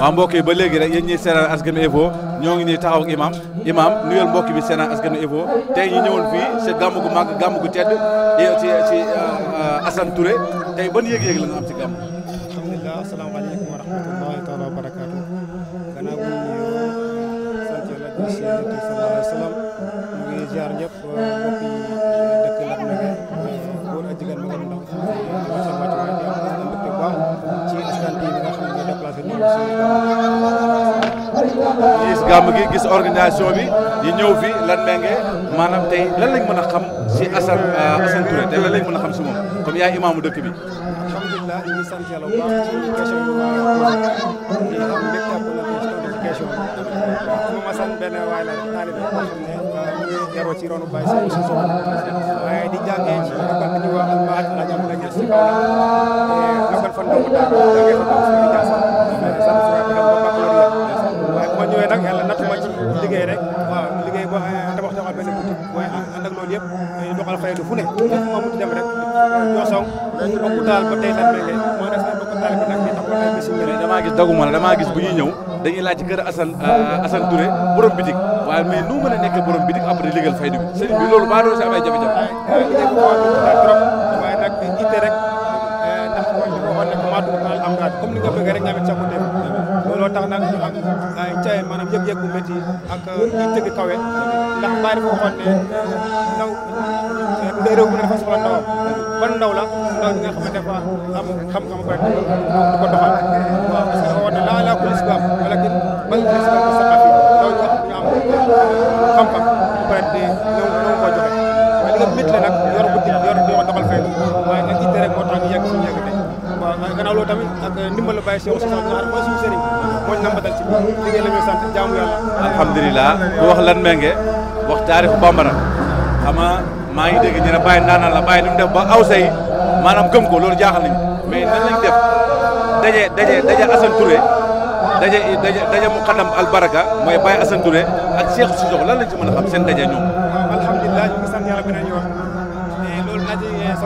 waaw mbokk yi ba léegi rek yéen ñiy seenaan askanu Infos ñoo ngi nii taxaw ak imam imam nuyal mbokk bi seenaan askanu Infos tey ñu ñëwoon fii si gàmm gu màgg gàmm gu tedd ci ci euh, tey ban yéeg-yéeg la nga am ci gàmm gam gi gis organisation bi di ñew fi lan mengé manam tay lan lañ mëna xam si asan euh, asan Touré té lan lañ mëna xam si mom comme ya imam dëkk bi. alhamdulilah ñu sant yàlla bu baax ci question bi ñu ngi am mbégte ak kontaan ci question bi waaw Assane benn waay la taalibe boo xam ne mu ci ronu Baye Sow si Sow di ci la la sant ñëwee nag yàlla natt ma ci liggéey rek waaw liggéey boo tabax taxaw benn boutique waaye ànd ak loolu yëpp doxal fay du fu ne moo muti dem rek ñoo daal ba tey lan léegi moo des na bokk daal bi gis bu ñuy ñëw dañuy laaj ci kër Assane euh, Assane Touré bitik waaye mais nu mën a nekk borom bitik après liggéeyal fay du bi sëriñ bi loolu baa doon si amee jafe-jafe waaye nag itte rek euh, ndax ko waxoon ne maa dugg am comme ni nga bëgg rek nga amit tey maanaam yëg-yëg bu métti ak a euh, tëgg kawe ndax bàyyi dafa waxoon ne ndaw euh, réew mi dafa soxla ndaw ban la ndaw ñi nga ne am euh, xam-xam ko rek du ko doxal waaw si baam wala ki bal si baam sa mooñ nambatal ci liggéey la ñuy sant jaamu yàlla alhamdulilah ku wax lan menge wax taarixu bambara xama maa ngi dégg ñu ne naa na la bàyyi ni mu ba aw say maanaam gëm ko loolu jaaxal nañu mais nan lañ def daje daje daje Assane Touré daje daje daje mu xanam albaraka mooy bàyyi Assane Touré ak Cheikh Cissokho lan lañ ci mën a xam seen daje ñoom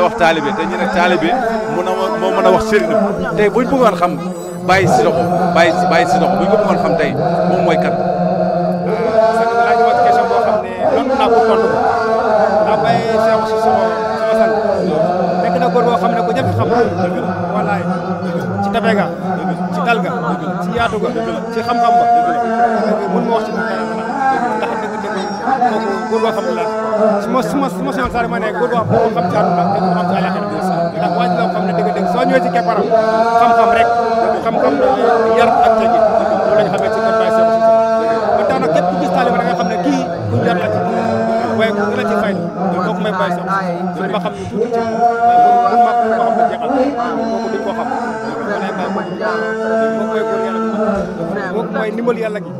a wax taalibe te ñu ne taalibe mun a moo mën a wax sëriñ tey buñ bëggoon xam bàyyi si doxo bàyyi si bàyyi si doxo buñ ko bëggoon xam tey moom mooy kan. sëñ bi laaj ma question boo xam ne tontu naa ko tontu ndax bàyyi seewu si sama sama sang nekk na ne ku ñëpp xam wallaay ci tabe ga ci dal ga ci yaatu ga ci xam-xam mun ma wax ci ndax dëgg-dëgg góor boo xam ne la su ma su ma su ma soxla ma ne góor boo xam xam ci àdduna te xam ci àllaxira bi sax ndax waaj loo xam ne dëgg-dëgg soo ñëwee ci kepparam xam-xam rek xam-xam yar ak tegi loolu la ñu xamee ci keppaay seen suuf ba tax na képp ku gis taaliba da nga xam ne kii ku yar la ci waaye ku la ci fay donc kooku may bàyyi sax loolu ma xam ne tuuti ci moom ma ko xam ne jeexal kooku duñ ko xam moom mooy góor yàlla moom mooy ndimbal yàlla gi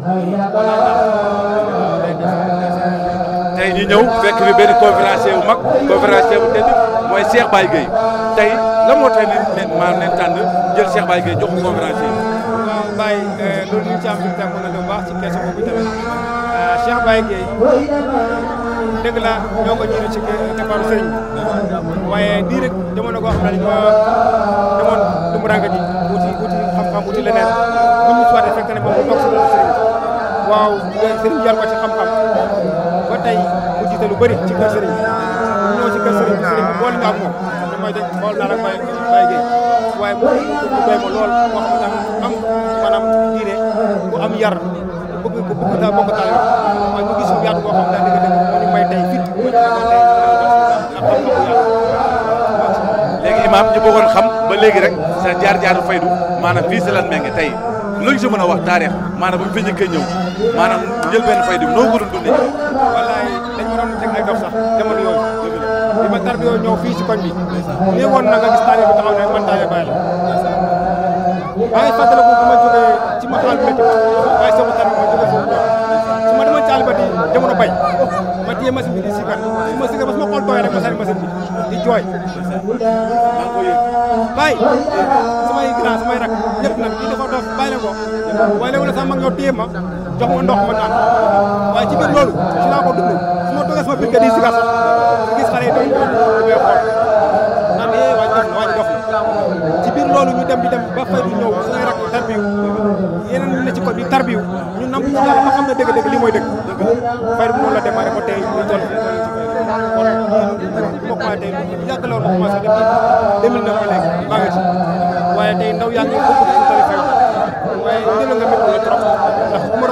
ñu ñëw fekk fi benn conférencier bu mag conférencier bu tedd mooy Cheikh Baye Gueye tey la moo tax ne maa leen tànn jël Cheikh Baye Gueye jox ko conférencier waaw Baye euh, loolu ñu ci am fi tàngoor na lu baax ci question boobu tamit euh, Cheikh Baye Gueye dëgg la ñoo ko jiitu ci keppaaru sëriñ waaye nii rek jamono goo xam ne dañu demoon dumuranga ji wuti wuti xam-xam wuti leneen bu ñu suwaatee fekk ne moom bu mag si loolu sëriñ waaw sëriñ jar ko ci xam-xam tey ku jiite lu bëri ci kër sëriñ bi ñëw ci kër sëriñ bi sëriñ bi boole nga ak moom te mooy dañ xool naa la bay bay géey waaye mu ma lool wax ma tax am maanaam diine bu am yar bëgg ko bëgg taa bokk taal waaye ñu gis yaatu boo xam ne dëgg dëgg moo ñu may tey fit ñu may tey léegi imaam ñu bëggoon jaar-jaaru faydu maanaam fii si tey lu ñu si mën a wax taarix maanaam bu ñu fi njëkkee ñëw maanaam jël benn faydu noo ko doon lay dox sax jamono yooyu dëgg ma tar bi fii si koñ bi lii woon na nga gis bu taxaw ne man taale bàyyi la maa ngi fàttaliku bu ma jógee ci ma xaal métti waaye sama tar bi ma jógee foofu ma demoon caal di jamono bay ma téye machine bi di sikar su ma sikar ba su ma xool tooyee ma sari machine bi di jooy bay samay grand samay rak ñëpp nag di dafa dof bàyyi leen ko waaye léegi nag sama mag ñoo téye ma jox ma ma naan waaye ci loolu ci laa ma toogee sama biir kër yi sigar sax gis xale yi doon doon xool naan ne eh, waa ji dox na waa ji dox na ci biir loolu ñu dem bi dem ba fay du ñëw suñuy rak tarbiyu yeneen ñu ne ci ko bi tarbiyu ñu nam ñu yàlla ba xam ne dëgg-dëgg li mooy dëgg fay du noonu la démarré ba tey ñu toll kon ñun mbokk tey lu yàgg la woon mu commencé depuis 2009 ba léegi maa ngi ci waaye tey ndaw yaa ngi bëgg waaye jël nga métti la trop ndax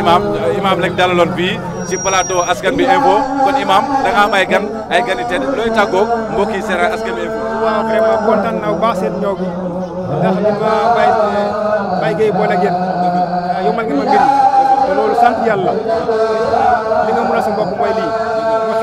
imaam imaam lañ dalaloon fii ci plateau askan bi info kon imaam da nga am ay gan ay gan yu tedd looy tàggoo mbokk yi seera askan bi info. waaw vraiment kontaan naa bu baax seen ñëw gi ndax ñun waa Baye Baye Gueye boole ak ma mbir te loolu sant yàlla li nga mën a sa bopp lii.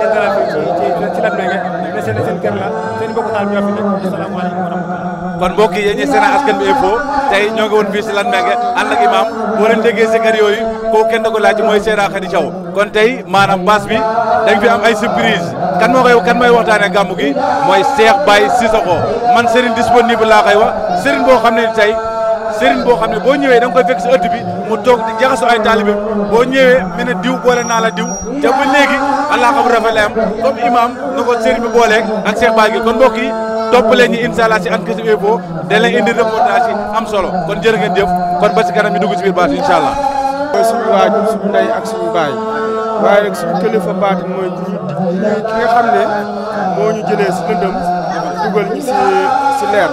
leen dalal fii ci ci ci Latmingué ne seen seen kër la seen mbokku taal ñoo fi nekk asalaamaaleykum wa rahmatulah. kon mbokk yi yéen seen askan bi info tey ñoo ngi woon fii si Latmingué ànd ak imaam boo leen déggee si kenn da ko laaj mooy Seyda Khady Thiaw kon tey maanaam baas bi am ay surprise kan moo koy kan mooy waxtaanee gàmmu gi mooy Cheikh Baye Cissokho man Serigne disponible laa koy wax boo xam ne tey. sëriñ boo xam ne boo ñëwee da nga koy fekk si ëtt bi mu toog di jaxasoo ay taalibe boo ñëwee mu ne diw boole naa la diw te ba léegi allah xam rafet la am comme na ko sëriñ bi booleeg ak Cheikh Bagui kon mbokk yi topp leen ñu incha allah si Uncasam Infos da leen indi reportage am solo kon jërë ngeen jëf kon ba si kanam bi dugg si biir baat incha allah. mooy suñu waajur suñu ndey ak suñu baay waaye nag suñu kilifa baatin mooy ki nga xam ne moo ñu jëlee si lëndëm si si leer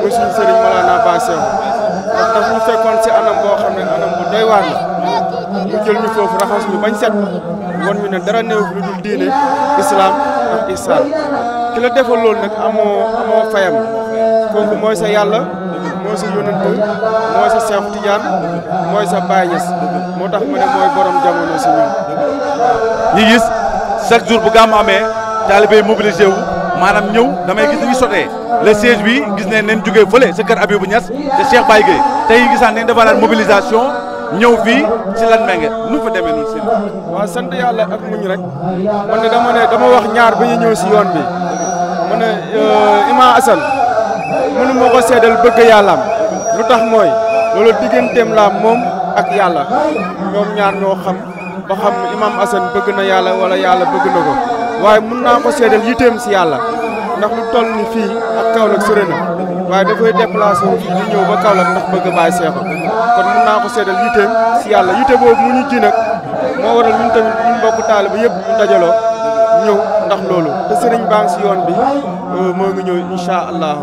muy suñu sëriñ Mawlana Ba ndax daf si anam boo xam ne anam bu doy waar la mu jël ñu foofu raxas ñu bañ set won ñu ne dara néew lu dul diine islam ak ihsaan ki la defal loolu nag amoo fayam kooku mooy sa yàlla mooy sa yonent mooy sa Seex Tijaan mooy sa Baay Ñas moo tax ma ne mooy borom jamono si ñun. ñi gis chaque jour bu gàmm amee taalibe yi wu. maanaam ñëw damay gis ni sotee le siège bi gis ne nañ jógee fële sa kër Abibou Niass te Cheikh Baye Gueye tey gisaan nañ defaraat mobilisation ñëw fii ci lan menge nu fa demee noonu seen. waaw sant yàlla ak muñ rek man de dama wax ñaar ba ñu ñëw si yoon bi ma ne euh, Imam Assane mënu ma ko seedal bëgg yàllaam lu tax mooy loolu digganteem la moom ak yàlla ñoom ñaar ñoo xam ba xam Imam Assane bëgg na yàlla wala yàlla bëgg na ko. waye mën na ko sédel yitém ci yalla ndax lu toll ni fi ak kaw nak sérena waye da koy déplacer fii ñu ñëw ba Kaolack ndax bëgg baay seexu kon mën na ko sédel yitém ci yalla yité boobu mu ñu ji nak mo waral ñun tamit ñu bokku talib yépp ñu dajalo ñëw ndax loolu te sëriñ bang ci yoon bi euh, mo ngi ñëw insha allah.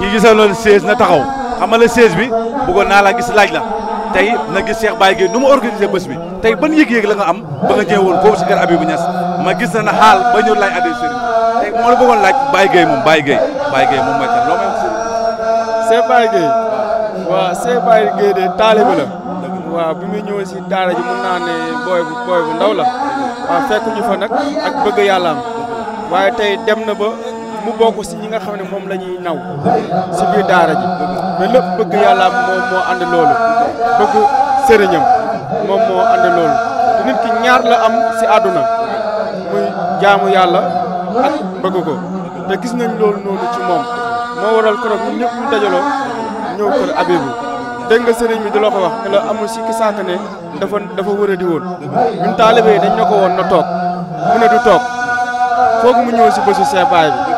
ñi gisaloon 16 na taxaw xamala 16 bi bëggo na la gis laaj la. tey na gis Cheikh Baye Gueye nu mu organisé bés bi tey ban yëg-yëg la nga am ba nga ñëwoon foofu si kër Abibou Niass ma gis na na xaal ba ñu lay adhéré sëriñ tey moo la bëggoon laaj Baye Gueye moom Baye Gueye Baye Gueye moom mooy kan loo may wax sëriñ. Cheikh Baye Gueye waaw de taalibe la waaw bi muy ñëwee si daara naa ne booy bu booy bu ndaw la waaw fekk ñu fa nag ak bëgg yàllaam waaye tey dem na ba mu bokk si ñi nga xam ne moom la ñuy naw si biir daara ji mais lépp bëgg yàlla moom moo ànd loolu bëgg sëriñam moom moo ànd loolu te ki ñaar la am si àdduna muy jaamu yàlla ak bëgg ko te gis nañ loolu noonu ci moom moo waral keroog ñun ñëpp ñu dajaloo ñëw kër Abibu dégg nga sëriñ bi di wax te la amul si ki dafa dafa wër a di woon yi dañ ne ko woon na toog mu ne du toog foog mu si bésu Cheikh bi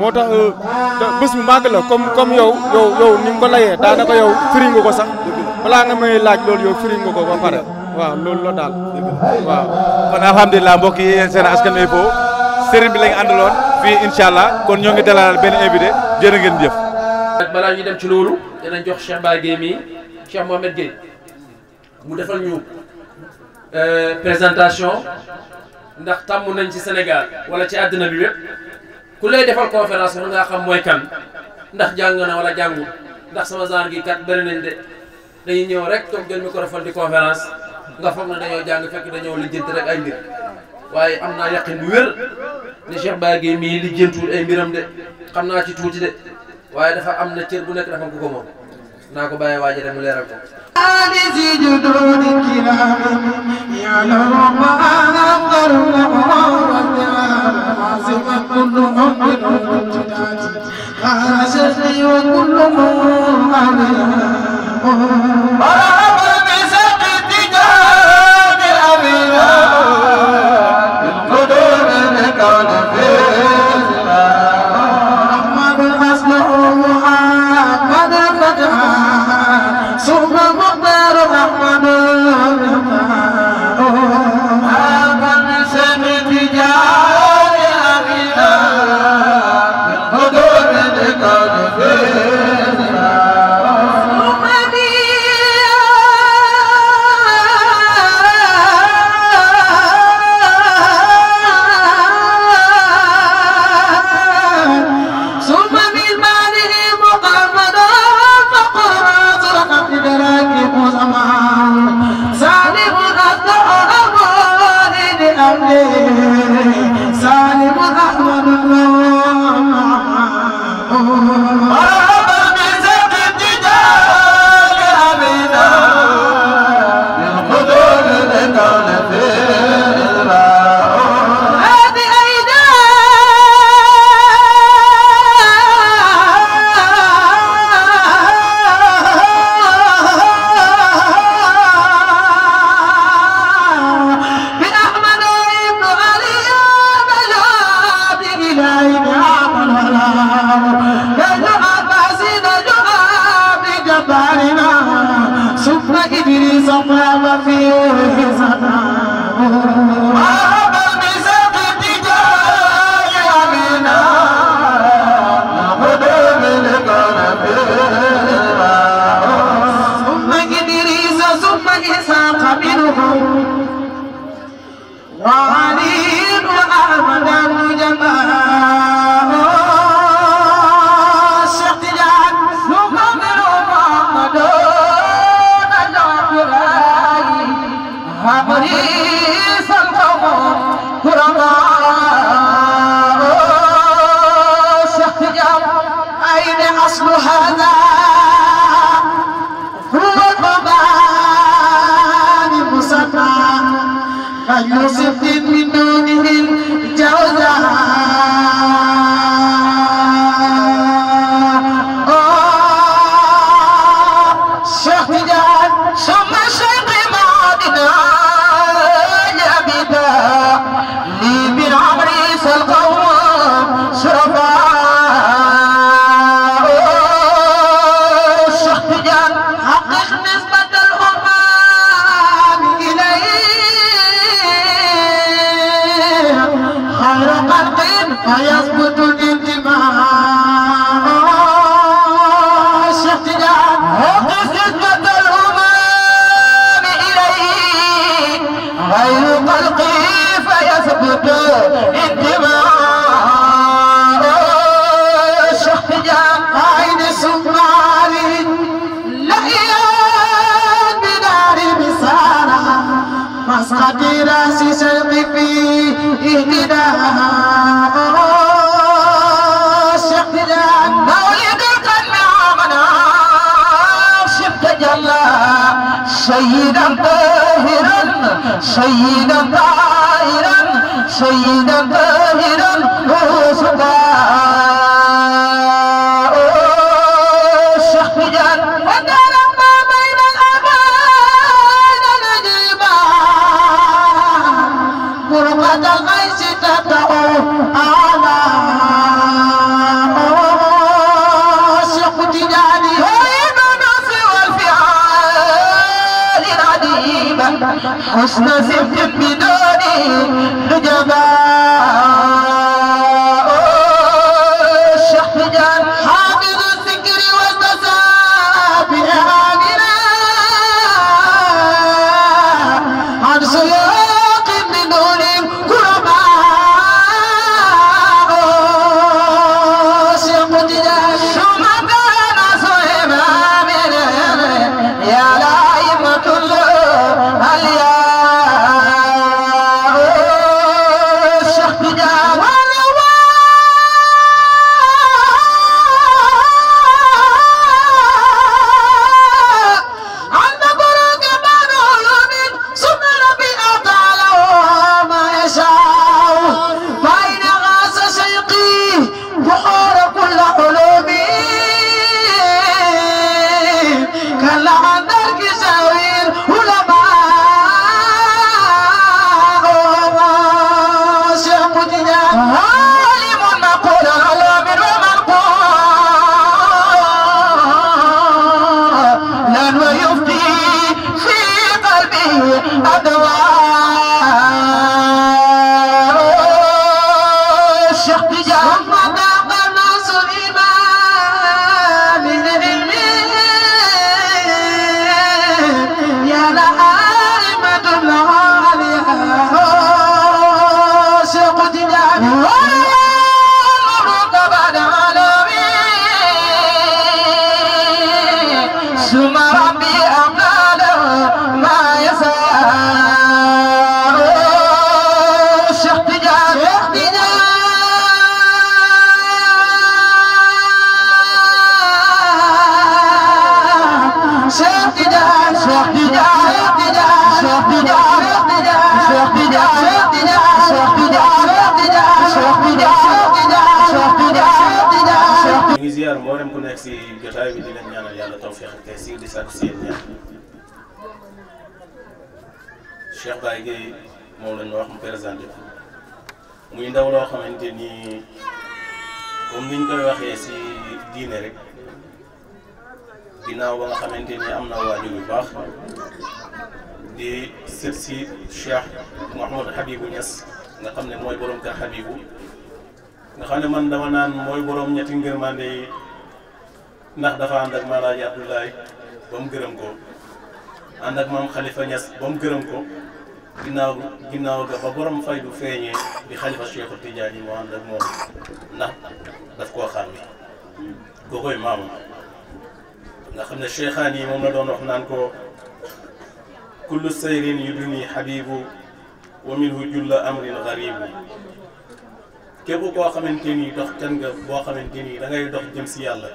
moo tax euh, bés bu màgg la kom kom yow yow yow ni nga ko daanaka yow firi nga ko sax balaa nga may laaj loolu yow firi nga ko ba waaw loolu la daal waaw. kon alhamdulilah mbokk yi yéen seen askan wi foofu sëriñ bi lañ àndaloon incha allah kon ñoo ngi dalal benn invité jërë ngeen jëf. balaa ñu dem ci loolu dinañ jox Cheikh Ba Guèye mii Cheikh Mohamed mu defal ñu euh, présentation ndax tàmm nañ ci Sénégal wala ci àddina bi yëpp. ku lay defal conférence war ngaa xam mooy kan ndax jàng na walla jàngu ndax sama genre gi kat bëri nañ de dañuy ñëw rek toog ko microphone di conférence nga foog na dañoo jàng fekk dañoo lijjanti rek ay mbir waaye am naa yaqin bu wér ne Cheikh Baye Gueye mii lijjantiwul ay mbiram de xam naa ci tuuti de waaye dafa am na cër bu nekk dafa ko ko moom naa ko bàyyi waaje dem mu leeral ko آل جدود كرام يعلم ما أنظر عاصمة كل عمر خرجت सारे Siyyidah Tairan Siyidah اش سے Cheikh Baye Gueye moom la ñu wax mu présenté muy ndaw loo xamante ni comme ni ñu koy waxee si diine rek ginnaaw ba nga xamante ni am na waajur yu baax di sët si Cheikh Mouhamadou Habibou Niass nga xam ne mooy borom kër Habibou nga xam ne man dama naan mooy boroom ñetti ngërmande yi ndax dafa ànd ak Maalaaji Abdoulaye ba mu gërëm ko ànd ak maam xalifa Niass ba mu gërëm ko. ginnaaw ginnaaw ga ba borom fay du feeñee bi xalifa Cheikhu Tijaani yi mu ànd ak moom ndax daf koo xàmme googoy maamam nga xam ne cheikhaan yi moom la doon wax naan ko kullu sayrin yu duni habibu wa minhu julla amrin garibu képp koo xamante ni dox kan nga boo xamante ni da ngay dox jëm si yàlla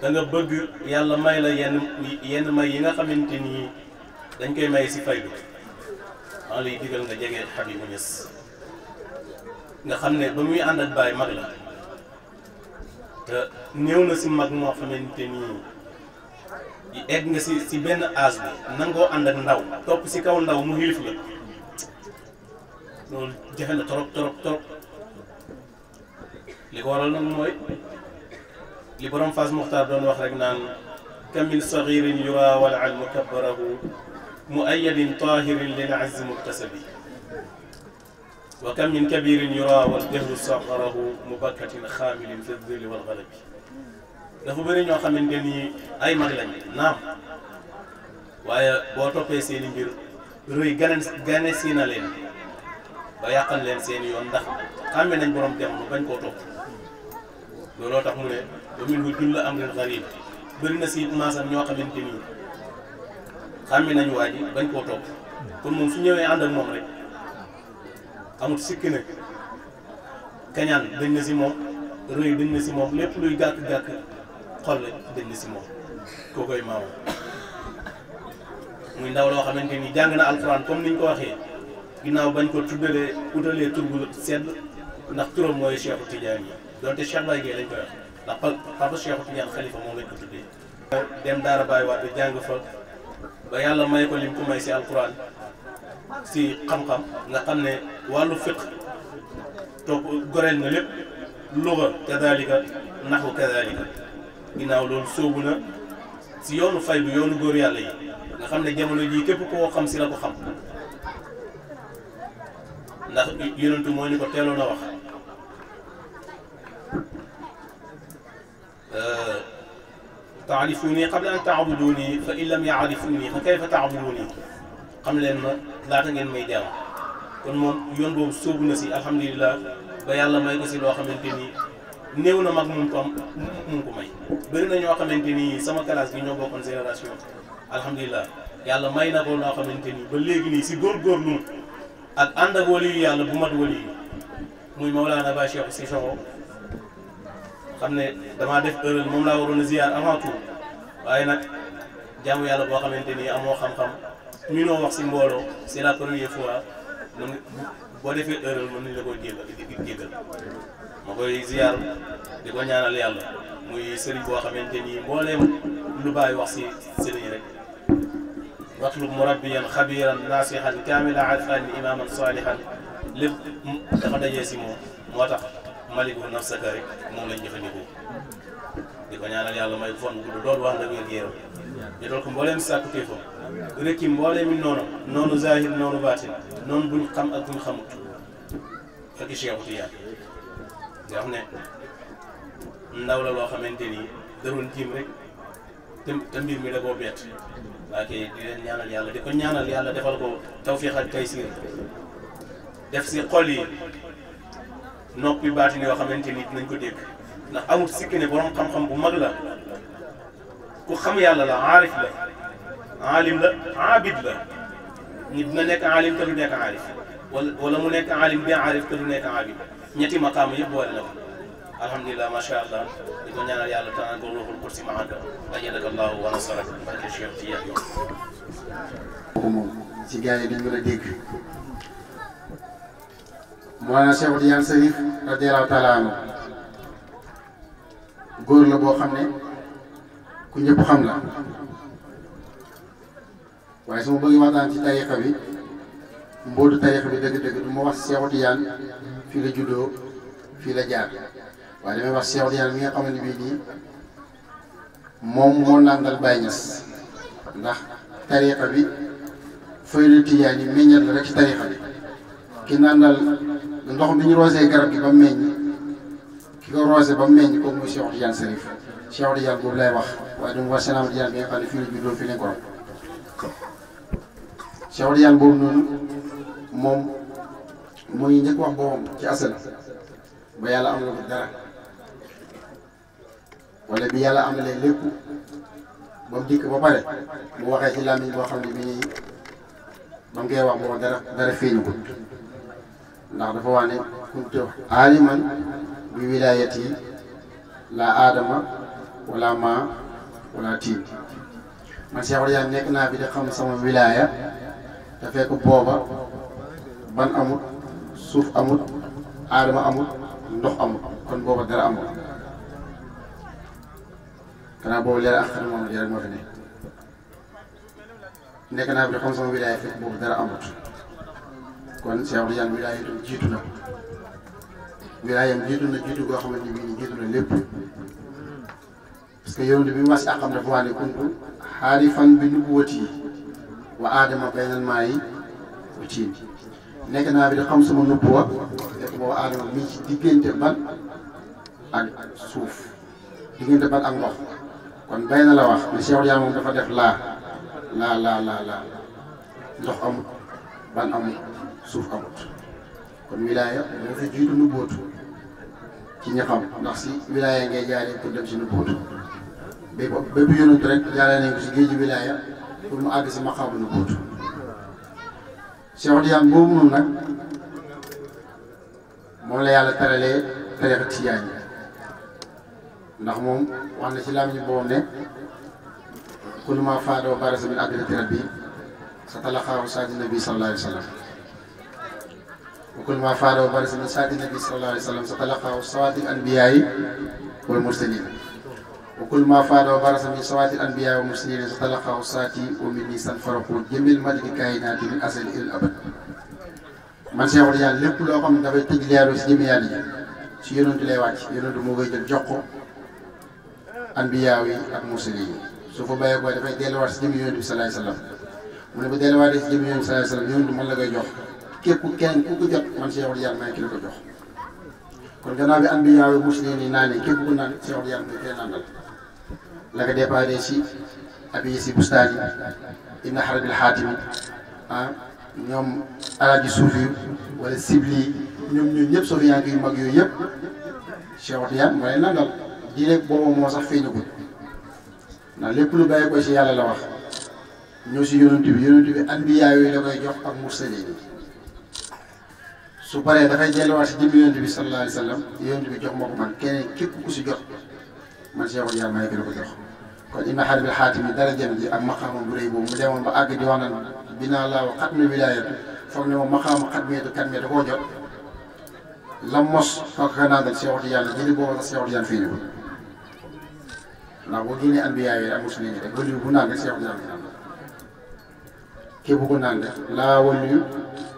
da nga bëgg yàlla may la yenn yenn may yi nga xamante ni dañ koy may si faydu la yi digal nga jege Habibou Niass nga xam ne ba muy ànd ak bàyyi mag la te néew na si mag moo xamante ni egg nga si si benn âge bi nangoo ànd ak ndaw topp si kaw ndaw mu xilif la loolu jafe na torop torop li ko waral nag mooy li borom Fass Muxtaar doon wax rek naan kamil saxirin yura wal almu kabbarahu مؤيد طاهر للعز مكتسب وكم من كبير يرى والدهر صغره مبكة خامل في الذل والغلب dafa bëri ñoo xamante ni ay mag lañ naam waaye boo toppee seeni mbir ruy gane gane si na leen ba yàqal leen seeni yoon ndax xàmme nañ borom dem mu bañ koo topp looloo tax mu ne ba min hu jull amrin xarib bëri na si maasam ñoo xamante ni xàmmi nañu waa ji bañ koo topp kon moom su ñëwee ànd ak moom rek amut sikki nag kañaan dañ na si moom rëy dañ na si moom lépp luy gàkk-gàkk xol dañ na si moom kookoy maamu muy ndaw loo xamante ni jàng na alxuraan comme niñ ko waxee ginnaaw bañ ko tuddalee utalee tur sedd ndax turam mooy Cheikhu Tidiane yi donte Cheikh Baye Gueye lañ koy wax ndax papa Cheikhu Tidiane xalifa moom lañ ko tuddee dem daara bàyyi waat jàng fa بيالا ما يكون يمكن ما يسي القرآن سي قم قم نقم نه والو فقه توب قرن نلب لغة كذلك نحو كذلك إن أولون سوبنا سي يونو فاي بيونو غوري علي نقم نه جمال يجي كيف كو خم سيلا كو خم نخ يونو تموني كو تيلو نوخ تعرفوني قبل ان تعبدوني فان لم يعرفوني فكيف تعبدوني قام لين لا تنين ماي ديو كون موم يون بوم سوب نسي الحمد لله با يالا ماي كو سي لو خامتيني نيونا ماك موم توم مونكو ماي بري نيو خامتيني سما كلاس بي نيو بوكون جينيراسيون الحمد لله يالا ماي نا بو لو خامتيني با ليغي ني سي غور غور نو اك اندا بولي يالا بو مات ولي موي مولانا با شيخ سي شوو xam dama def erreur mom la warone ziar avant tout waye nak jamu yàlla bo xamanteni amo xam-xam ñu no wax ci mbolo c'est la première fois mon bo defee erreur mon nañ la koy jéggal di djégal ma koy ziar di ko ñaanal yàlla muy serigne bo xamanteni mbolem lu bay wax ci serigne rek watlub murabbiyan xabiran nasihan kaamila arifan imaman salihan lépp dafa dajee si moom moo tax maliku sa rek moom lañ jëfandikoo di ko ñaanal yàlla may fon gudd dool wax nga wér géeram ñu dool ko mbooleem sàkku téefam rekki mbooleem mi noonu noonu zahir noonu baatin noonu buñ xam ak buñ xamut ak i Cheikh Tiyaan nga xam ne ndaw la loo xamante ni daroon jiim rek te te mbir mi da koo bett di leen ñaanal yàlla di ko ñaanal yàlla defal ko tawfiix ak taysiir def si xol yi noppi baatin yoo xamante ni dinañ ko dégg ndax amul sikki ne borom xam-xam bu mag la ku xam yàlla la aarif la aalim la aabid la nit dina nekk aalim te du nekk aarif wala wala mu nekk aalim bi aarif te du nekk aabid ñetti maqaama yëpp boole na ko alhamdulilah macha allah di ko ñaanal yàlla tanaan ko ruuxul kursi maaka ajadaka allahu wa nasarak barke Cheikh Tidiane moom si gars yi dañ mën a dégg Mawlana Cheikh Tidiane Chérif anhu goor la bo xamne ku ñepp xam la way sama bëgg ci tariqa bi un tariqa bi deug deug du ma wax la la jaar wax nga ndax bi rek bi ki ndox mi ñu roosee garab gi ba meñ ki ko rosé ba meñ ko kooku Cheikh Tidiane Serif Cheikh Tidiane bu lay wax wa dum wa salam Cheikh bi xali fi ne do fi len ko Cheikh Tidiane bu ñun mom moy ñek wax bo ci asal ba yàlla am lu dara wala bi yàlla am na lépp ba mu dikk ba pare mu waxe ci lamine bo xamni bi ñuy ba mu wax mo dara dara feñu ko نعرفواني كنت عالما بولايتي لا آدم ولا ما ولا تيم ما شاء الله نكنا في دخم سما ولاية تفيك بوبا بن أمور سوف أمور آدم أمور نخ أمور كن بوبا در أمور كنا بوبا لير أخر ما نير ما فيني نكنا في دخم سما ولاية تفيك بوبا در أمور kon Cheikh Tidiane wilaayam jiitu na wilaayam jiitu na jiitu goo xamante ni bii jiitu na lépp parce que yow li bi mas àqam dafa wax ne kuntu xaarifan bi nubuwati wa aadama baynal maa yi wa tiin nekk naa bi di xam sama nubuwa nekk boobu aadama mi ci diggante ban ak suuf diggante ban ak ndox kon bay na la wax ne Cheikh moom dafa def laa laa laa laa ndox amul ban amul suuf amut kon wilaaya moo fi jiitu nu bóotu ci ñi ndax si wilaaya ngay jaaree pour dem si nu bóotu bépp bépp yonent rek jaaree nañ si géeju wilaaya pour mu àgg si maqaamu nu bóotu Cheikh Diagne boobu noonu nag moom la yàlla teralee tariixa Tijaan ndax moom wax na ci laam ñu boobu ne kuluma faadoo barasa min àgg na tirat sa talaqaahu saadi nabi sallallahu alayhi wa وكل ما فعله بارز من سعد النبي صلى الله عليه وسلم ستلقاه صوات الانبياء والمرسلين وكل ما فعله بارز من صوات الانبياء والمرسلين ستلقاه صوات ومن نيسان فرقو جميع الملك كائنات من اصل الى الابد من سيغ ريال لب لوكم دابا تجليا لو سي ميال لي سي يونت لي وات يونت مو غي جيل جوكو انبياء و مرسلين سوف باي بو دافاي ديلوار سي صلى الله عليه وسلم مو ديلوار سي صلى الله عليه وسلم يونت مو لا képp kenn ku ko jot man Cheikhul Diagne maa ngi la ko jox kon gannaaw bi anbiyaa wa bi kenn àndal si abi yi ah, wala yi ñoom ñun ñëpp sofiyanke yu mag yooyu yëpp Cheikhul Diagne moo leen nandal diine ndax lépp lu bàyyi ko si yàlla la wax ñoo si yonent bi yonent bi anbiyaa yooyu la koy jox ak mursaliin سوبر هذا في جل واش دي بيون النبي صلى الله عليه وسلم يوم دي جوخ مكو مان كين كيب كو سي جوخ مان سي يقول يا ما يكلو جوخ كون ان حرب الحاتم درجه دي اك مقام بري بو مو ديوان با اك ديوان بنا الله وختم الولايه فوك نيو مقام ختم يد كان مي دكو جو لموس فوك كان دا سي يقول يا دي بو دا سي يقول يا فيني لا وديني انبياء يا مسلمين يقول لي بنا سي يقول يا كيف بكون عندك لا وليو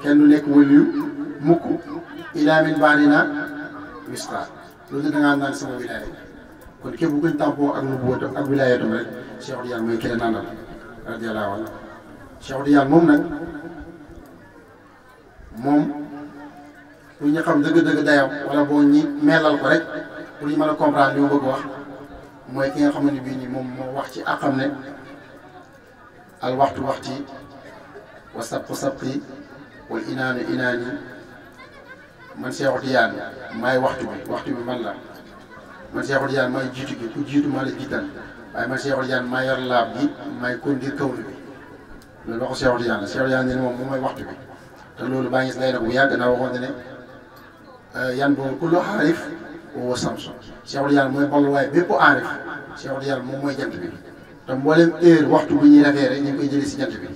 كان لك وليو mukk ilaa min baadina wisra loolu nag kon képp bu koy tàmpoo ak nubuwatam ak wilaayatam rek Cheikh Oudiyane mooy keneen nandal radiyallaahu anhu Cheikh Oudiyane moom nag moom pour ñu xam dëgg-dëgg dayam wala boo ñi meelal ko rek pour ñu mën a comprendre li ma bëgg wax mooy ki nga xam ne bii nii moom moo wax ci àqam ne al waxtu waxti wa sabqu sabqi wal inaanu inaani man Seexu Diane may waxtu bi waxtu bi man la man Seexu Diane may jitu gi ku jitu maa la jiital waaye man Seexu Diane may yor laab gi maay conduire kawlu bi loolu waxu Seexu Diane la Seexu Diane ne moom moom mooy waxtu bi te loolu baa ngi si lay na bu yàgg naa waxoon ne euh, yan boobu ku loo xaarif woo Samson Seexu Tijaan mooy ballu waaye bépp aarif Seexu Diane moom mooy jant bi te mboolem heure waxtu bu ñuy defee rek ñu koy jëlee si jant bi.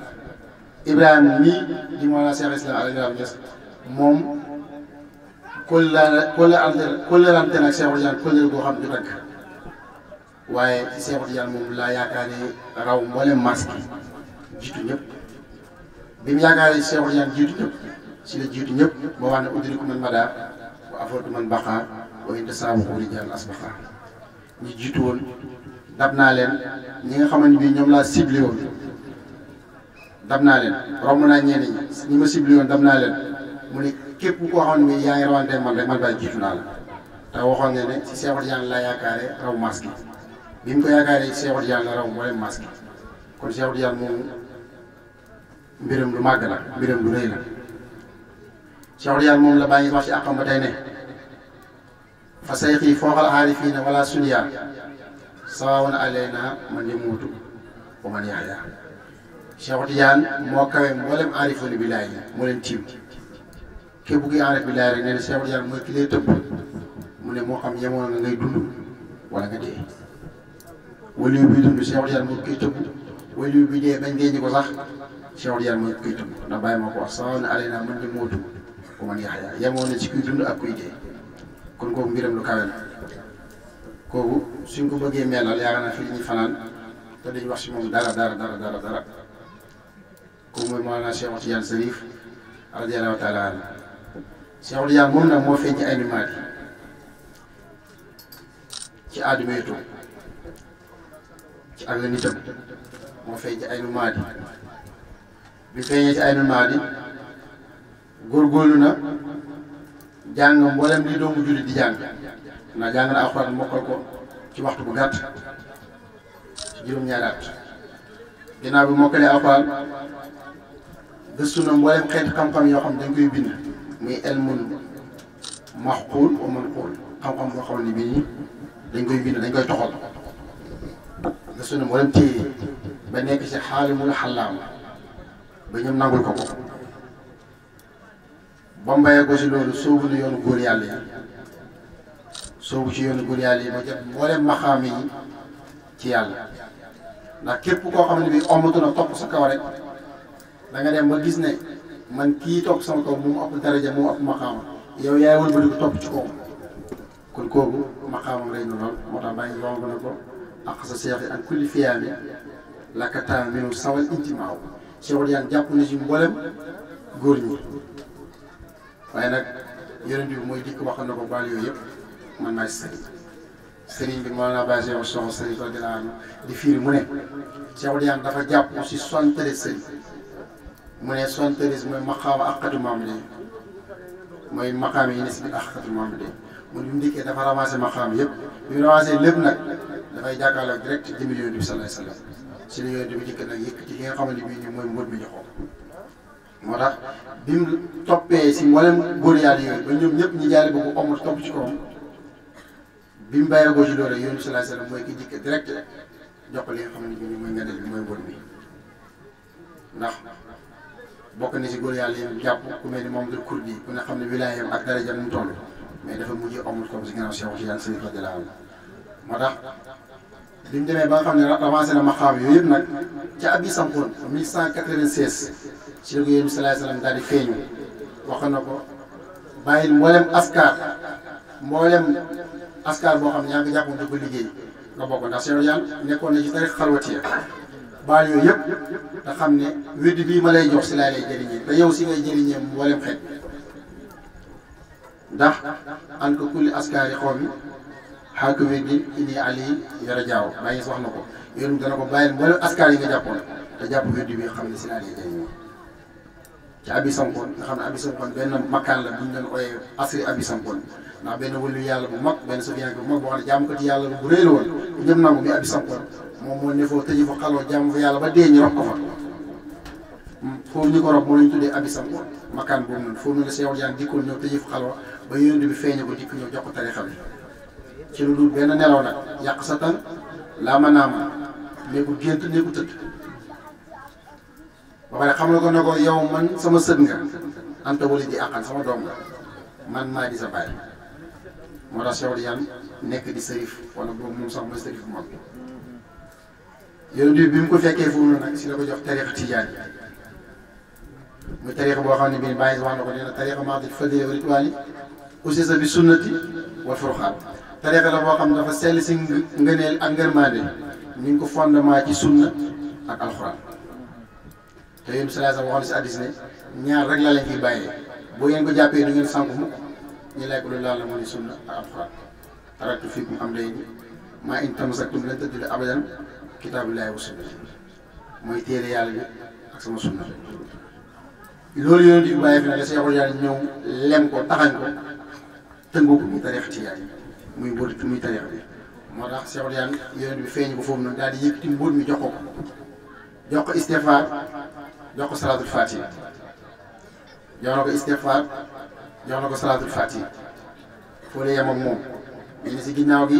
Ibrahima mii di Mawlana Cheikh Islam Alaaji Ibrahima Niass moom kóllëre kóllërante kóllërante nag Cheikh goo xam du rek waaye ci Cheikh Tidiane moom laa yaakaar ne raw mboolem mars jiitu ñëpp bi mu yaakaaree Cheikh Tidiane jiitu ñëpp si la jiitu ñëpp boo wax ne udriku man mada wa afortu man baqa wa inda saabu ko rijal jiitu woon dab naa leen ñi nga xamante bii ñoom laa ciblé dab naa leen romb naa ñenn ñi ñi ma ciblé woon dab naa leen mu ne képp koo xam ne yaa ngi rawante man rek man daal la te waxoon ne ne ci Cheikh Tidiane laa yaakaare raw masque bi mu ko yaakaaree Cheikh Tidiane la raw mboolem lu màgg la mbiram lu rëy la Cheikh Tidiane moom la bàyyi wax ci àqam ba tey ne fa sayxi fooxal aarifiina wala sunya sawaawun alayna man yamuutu wa man yaxyaa Cheikh Tidiane moo kawe mboolem aarifoon bi laay moo leen tiim képp kuy aarif bi rek nee na Cheikh Tidiane mooy ki lay mu ne moo xam yemoon nga ngay dund wala nga dee waliyu bi dund Cheikh Tidiane mooy koy tëbb waliyu bi dee bañ dee ko sax Cheikh Tidiane mooy koy tëbb ndax bàyyi ma ko wax sawaana alaynaa man yamuutu wa man yaxyaa yemoon na ci kuy dund ak kuy dee kon kooku mbiram lu kawe la kooku suñ ko bëggee meelal yaakaar naa fii la ñuy ko mooy maanaam Cheikh Tidiane Serif radiyallahu taala anhu Cheikh Tidiane moom nag moo feeñ ci ay nimaat yi ci àdduma yi ci ay nimaat yi bi feeñee ci ay nimaat yi góorgóorlu na jàng mboolem li doomu jullit di jàng na jàng na alxuraan mokkal ko ci waxtu bu gàtt ci juróom-ñaari ginnaaw bi mokkalee alxuraan gëstu na mboolem xeet xam-xam yoo xam dañ koy bind muy elmun maxquul wa manquul xam-xam boo xam ne bii dañ koy bind dañ koy toxal gëstu na mboolem téye ba nekk ci xaalimul xallaam ba ñoom nangul ko ko ba mbayee ko si loolu soobu na yoonu góor yàlla yi soobu ci yoonu góor yàlla yi ba jot mboolem maxaami yi ci yàlla ndax képp koo xam ne bii omatu na topp sa kaw rek da nga dem ba gis ne man kii toog sama kaw moom ëpp daraja moom ëpp maqaama yow yaay wër ba di topp ci kaw kon kooku maqaamam rëy na lool moo tax bàyyi yomb na ko ak sa seex ak kulli fiyaami nag yonent bi mooy dikk wax na ko baal yooyu yëpp man maay bi moo la basé wu di fiir mu ne Cheikh Odiyaan dafa jàpp ci soixante-treize sëriñ مني سنتريز مني مقام أقد مامدي مني مقام ينس من أقد مامدي مني مدي كده فرما زي مقام يب يروح زي لبنان لقي جاك على دريت دي مليون دي صلى الله عليه وسلم سليون دي مدي كده يك تيجي قام اللي بيني مني مود مني خو مرا بيم توبي سيمولم بوري عليه بنيوم يب نجار بكو أمور توبش كوم بيم بايع بوجدوره يوم صلى الله عليه وسلم مني كده دريت جاك عليه قام اللي بيني مني مود مني نعم bokk ci si yàlla yi jàpp ku melni ni du kurdi ku ne xamne wilayam ak daraja mu toll mais dafa mujj amul comme ci ginnaaw Cheikh yalla Serigne radiyallahu anhu motax bimu deme ba xamne ra ne avancé na maqaam yooyu yeb nak ci abi yi sampoon ci la ko sallallahu alayhi wasallam dal di feeñu wax na ko bàyyil askar mboolem askar boo xam ne yaa ko liggéey nga bokk ndax Cheikh Tidiane nekkoon na ci tarix xalwatiya baal yooyu yëpp nga xam ne wéddi bii ma lay jox si laa lay jëriñee te yow si ngay jëriñee mboolem xeet ndax an ko kulli askari xaw mi xaaka weddin inni ali yara jaaw bàyyi wax na ko yéen dana ko bàyyil mboolem askar yi nga jàppoon te jàpp bi xam ne si laa lay jëriñee ci abi nga xam ne abi sankoon benn makkaan la bu ñu doon ooyee asri abi sankoon ndax benn wëllu yàlla bu mag benn sofiyaan bu mag boo xam ne jaamukati yàlla bu réy la woon ñëpp nangu mi abi sankoon moom moo ne foo tëji fa xaloo jàmm fa yàlla ba dee ñu rob ko fa hmm, foofu ñu ko rob moo lañ tuddee abisam la seewal jaan dikkoon ñëw tëji ma naam xam nga ko ne ko man sama sët nga anta wala di sa boobu moom sax mooy sërif moom yonent bi bi mu ko fekkee foofu nag si la ko jox tariixa tijaan muy tariixa boo xam ne bii bàyyi wax na ko nee na tariixa maa di fadli wa ridwaani usisa dafa sell si ngëneel ak ngërmaande ñu ngi ko fondement ci sunna ak alxuraan te yéen sallallahu alayhi wasallam waxoon si hadiis ne ñaar rek la leen fiy bàyyee boo ngeen ko jàppee du ngeen sànku mukk ñu lay ko lu laal la ne sunna ak alxuraan taraktu fiikum amrayni maa in tamassaktum lan tadillu abadan kitaabullaahi wa sunna mooy téere yàlla bi ak sama sunna loolu yonent bi bàyyi fi ne Seexul Yàlla ñëw lem ko taxañ ko tëngu muy tariix ci yàlla muy mbóot muy tariix bi moo tax Seexul Yàlla yonent bi feeñ ko foofu noonu daal di yëkkati mbóot mi jox ko ko jox ko istifaar jox ko salaatul faatiha jox na ko istifaar jox na ko salaatul faatiha foo lee yem moom mais ni si ginnaaw gi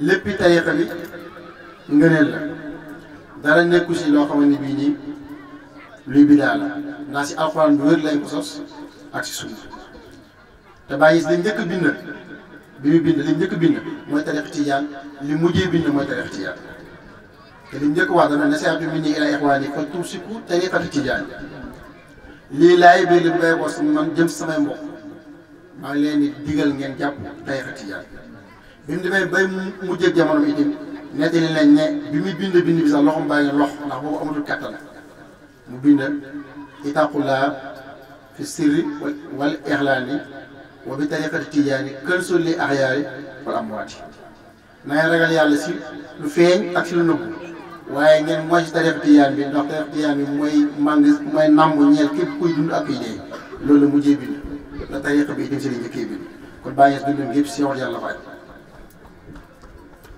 léppi tariqa bi ngëneel la dara nekku si loo xamante bii nii luy bidaa la ndax si alxuraan bu wér lañ ko ak si sunna te bàyyi si li njëkk bind bi muy bind li njëkk bind mooy tariqa tijaan li mujjee bind mooy tariqa tijaan te li njëkk wax dana nasiihatu minnii ilaa ixwaanii fa tumsiku tariqata tijaan lii laay biir li bu bos man jëm samay mbokk maa ngi leen di digal ngeen jàpp tariqa tijaan bi mu demee bay mu jamono bi itam nettali nañ ne bi muy bind bind bi sax loxoom bàyyi na lox ndax boobu amatul kattan mu bind itaqullah fi sirri wal ixlaani wa bi tariqati tijaani kër solli axyaari wal amwaati na ngeen ragal yàlla si lu feeñ ak si lu nëbbu waaye ngeen mooy si tariqati tijaan bi ndax tariqati tijaan bi mooy màng mooy namb ñeel képp kuy dund ak kuy loolu la mujjee bind la tariqa bi itam si la njëkkee bind kon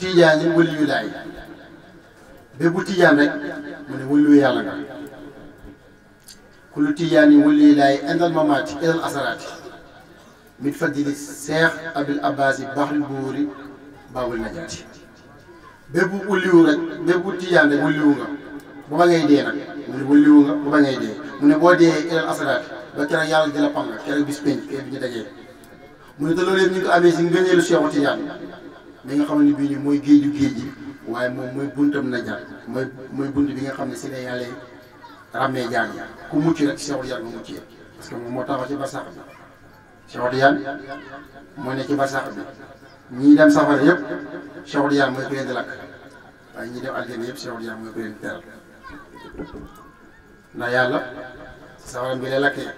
tijani yi wëliyu laay bépp tiijaan rek mu ne wëliyu yàlla nga kullu tiijaan yi wëliyu laay indal mit fadili abil abbas baaxul buuri baabul najaati bépp wëliyu rek bépp tiijaan rek wëliyu nga bu ba ngay dee nag mu ne wëliyu nga bu ba ngay dee mu ne boo dee ilal asaraati ba keroog yàlla di pang keroog bis pénc bi ñu mu ne ñu ko li nga xam ne bii nii mooy géeju géej gi waaye moom mooy buntam na jar mooy mooy bunt bi nga xam ne si ne yàlla ràmmee jaan yi ku mucc rek Cheikh Tidiane mu mucc yëpp parce que moom moo taxaw ci barsax bi Cheikh Tidiane moo yëpp Cheikh Tidiane mooy ku yàlla safara bi lay lakkee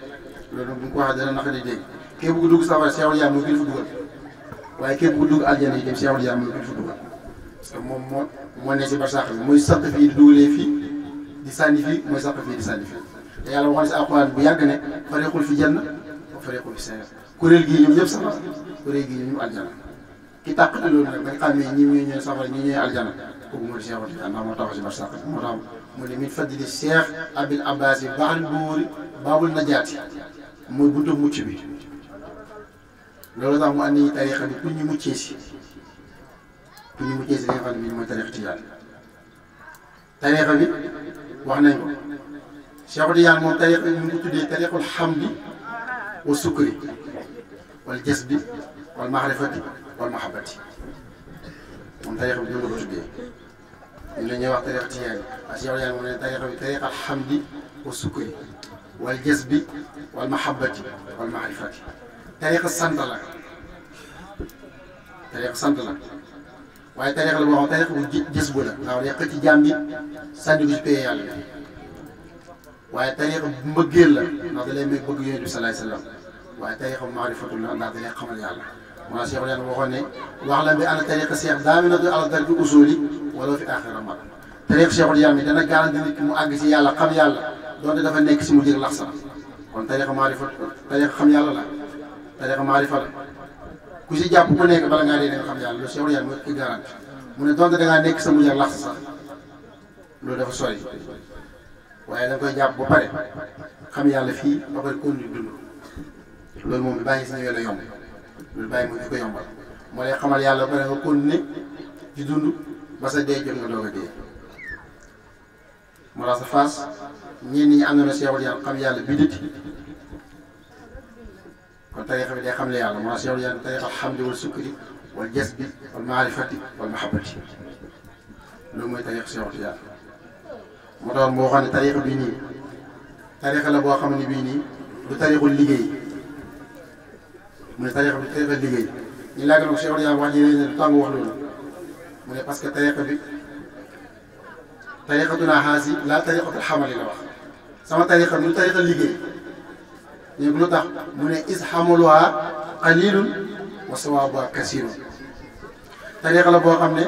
loolu bu ko waxee dana naka di waaye képp ku dugg aljana yi dem Cheikh Oudjian mu ngi ko fa dugal parce moom moo moo ne ci barsàq bi mooy sàq fii di dugalee fii di sànni fii mooy sàq fii di sànni fii te yàlla waxoon si bu yàgg ne fareexul fi janna ba fareexul fi seen kuréel gii ñoom ñëpp safara ki tàq na loolu nag ba nga xam ne ñi ñooy ñooy safara ñi ñooy aljana kooku moo di tax mu ne min fadli Cheikh Abil Abbas yi baaxal buuri baabul najaati mooy buntu mucc bi loolu tax mu andi tariqa bi pour ñu muccee si pour ñu muccee si li nga xam ne bii mooy tariqa tijaan tariqa bi wax nañ ko Cheikh Tijaan moom tariqa bi mu ngi tuddee tariqul hamdi wa sukri wal jasbi wal maarifati wal mahabbati moom tariqa bi noonu la ko tuddee ñun la ñuy wax tariqa tijaan waaye Cheikh Tijaan moom ne tariqa bi tariqal hamdi wa sukri wal jasbi wal mahabbati wal maarifati tariqa sant la tariqa sant la waaye tariqa la boo xam tariqa bu gis bu la ndax day xëcc jaam bi sànni ko ci pay yàlla bi waaye tariqa bu mbëggeel la ndax da lay may bëgg yonent bi salaay salaam waaye tariqa bu maarifatul la ndax da lay xamal yàlla maanaam Cheikh leen waxoon ne wax la bi ana tariqa Cheikh daaminatu ala darbi usuli wala fi axira ma tariqa Cheikhul Yaam yi dana garanti nit ki mu àgg si yàlla xam yàlla doonte dafa nekk si mu jëg lax sa kon tariqa maarifa tariqa xam yàlla la tarixa maarifa la ku si jàpp ku nekk bala ngaa dee da nga xam yàlla loolu Cheikh Oudiyane mooy ki garanti mu ne donte da nekk sa mujj ak lax sax loolu dafa sori waaye da koy jàpp ba pare xam yàlla fii ba pare continuer dund loolu moom bàyyi sa yàlla ba sa dee jot nga doog a dee moo tax sa faas ñenn ñi àndoon na Cheikh Oudiyane xam yàlla bi dëkk. كنت يا خمي يا خمي على مراسي يا كنت يا الحمد والسكري والجذب والمعرفة والمحبة لو ما تاريخ سيو فيا مدار مو غاني تاريخ بيني تاريخ لا بو خمني بيني دو تاريخ الليغي من تاريخ بتاريخ الليغي ni la gënoo xéwal yaa wàññi nañ ne tàng wax loolu mu ne parce que tayeqa bi tayeqatu naa xaasi laa tayeqatu xamali la wax sama tayeqa bi du tayeqa liggéey léegi lu tax mu ne is xamaluha qalilun wa sawaabuha kasirun tariixa la boo xam ne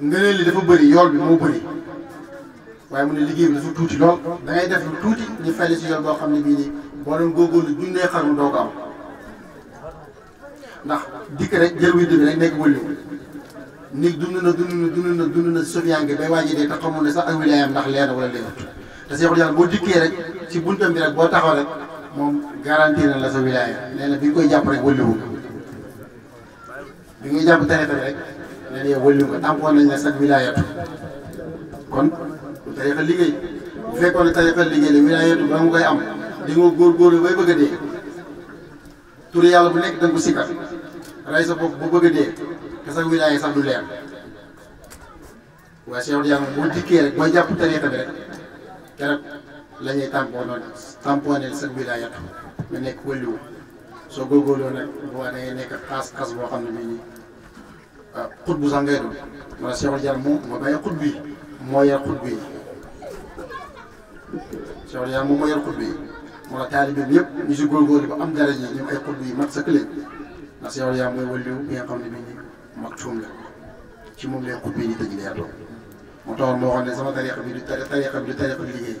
ngëneel li dafa bëri yool bi moo bëri waaye mu ne liggéey bi dafa tuuti lool da ngay def lu tuuti ñu fay la si yool boo xam ne bii nii boo doon góorgóorlu jundee xar mu doo ko am ndax dikk rek jël wird bi rek nekk wëlliw nit dund na dund na dund na dund na sofiyanke bay waaji dee te xamul ne sax ak wilaayam ndax leer na wala leerut te Seexul Yàlla boo dikkee rek ci buntam bi rek boo taxaw rek moom garantie na la sa wilaaya nee na bi ñu koy jàpp rek wëlliwu bi ngay jàpp tarixa bi rek nee na yow wëlliwu ko tampoon nañ la sa wilaayatu kon tarixa liggéey bu fekkoon ne tarixa liggéey la wilaayatu ba nga koy am di nga góorgóorlu bay bëgg dee turi yàlla bu nekk da nga ko sikkar rey sa bopp bu bëgg a dee te sa wilaaya sax du leer waaye Cheikh Diagne boo dikkee rek booy jàpp tarixa bi rek la ñuy tamponoon tamponeel sa wilaayat nga nekk wëliwu soo góorgóorloo nag bu waa dangay nekk xaas xaas boo xam ne bii nii ah, xut bu sax ngay moom moo bàyyi xut bi yar xut bi moo yar bi yëpp ñu si góorgóorlu ba am dara ñi ñu ay xut bi mat sa kële ndax Cheikhul Jaan mooy wëliwu bi nga xam ne bii nii maktuum la ci moom lay xut bi ni tëj leer moo taxoon moo xam ne sama tariqa bi du tariqa bi du tariqa bi liggéey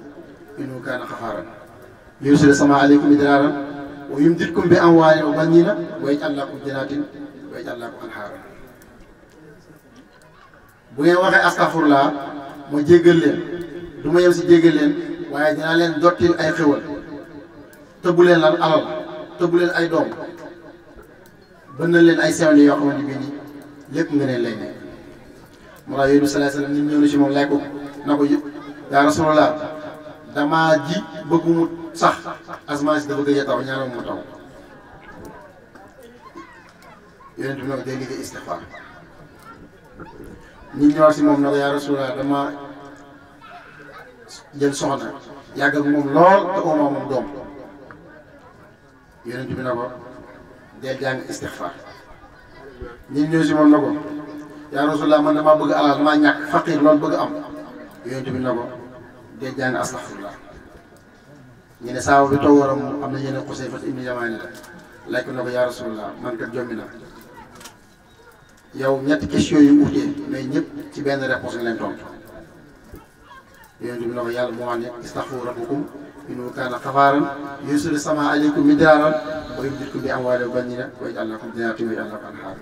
إنه كان قهارا يرسل السماء عليكم إدرارا ويمدكم بأموال وبنينا ويجعل لكم جنات ويجعل لكم أنهارا بوين واخا استغفر الله مو جيغل لين دوما يم سي جيغل لين واي دينا لين دوتي اي خيوال تبو لين لان علال تبو لين اي دوم بن لين اي سيون لي يوخو ني بيني ليپ نغنين لاي نيك مولاي يونس عليه السلام نيم نيولي يا رسول الله damaa ji bëgg mu sax asamaan si dafa gëj a mu taw si moom na ko yaa rasulallah damaa bi na ko del jàng istixfaar ñun ñëw si moom na ko yaa rasulallah man damaa bëgg alal damaa ñàkk faqir lool bëgg am yonent bi na ko dee jàng astaxfirullah ñu ne saabu bi taw waram am na ñeneen xuseyfat ibnu yamaani la laaj ko na ko yaa rasulullah man kat jommi na yow ñetti question yu wuutee mais ñëpp ci benn réponse nga leen tontu yonent bi na ko yàlla moo wax ne istaxfiru rabbakum innahu kaana xafaaran yursili sama aleykum midraaran wa yumditkum bi amwaalin wa baniina wa yaj'al lakum jannaatin wa yaj'al lakum anhaar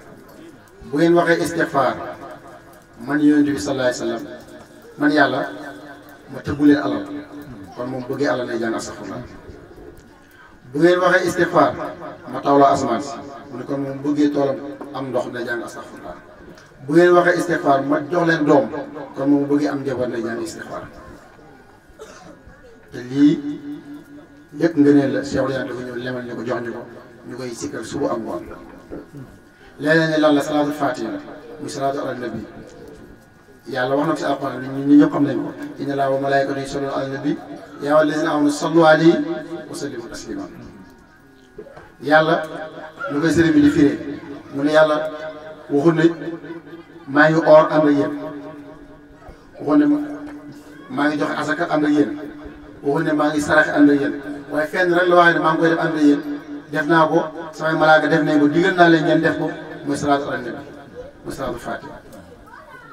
bu ngeen waxee istixfaar man yonent bi sallallahu alayhi wa sallam man yàlla ba alal kon moom bëggee alal lay jàng astaxfirullah bu ngeen waxee istixfaar ma tawloo asmaan si mu ne kon moom am ndox na jàng astaxfirullah bu ngeen waxee istixfaar ma jox leen doom kon moom am njaboot na jàng istighfar te lii lépp nga ne la Cheikh Olyane dafa ñëw lemal ñu ko jox ñu ko ñu koy sikkal suba ak ngoon leneen ne lan la salaatul faatiha muy ala nabi يالله وانا في القرآن من يقوم لهم إن الله وملائكة رسول الله النبي يا الله الذين آمنوا صلوا عليه وسلموا تسليما يالله نبزر من الفيرين من الله وهن ما يؤر أمرين وهن ما يجح أزكى أمرين وهن ما يسرح أمرين ويفين رجل واحد ما يقول أمرين دفناه سمع ملاك دفناه ديجن على ين دفناه مسرات رجل مسرات فاتح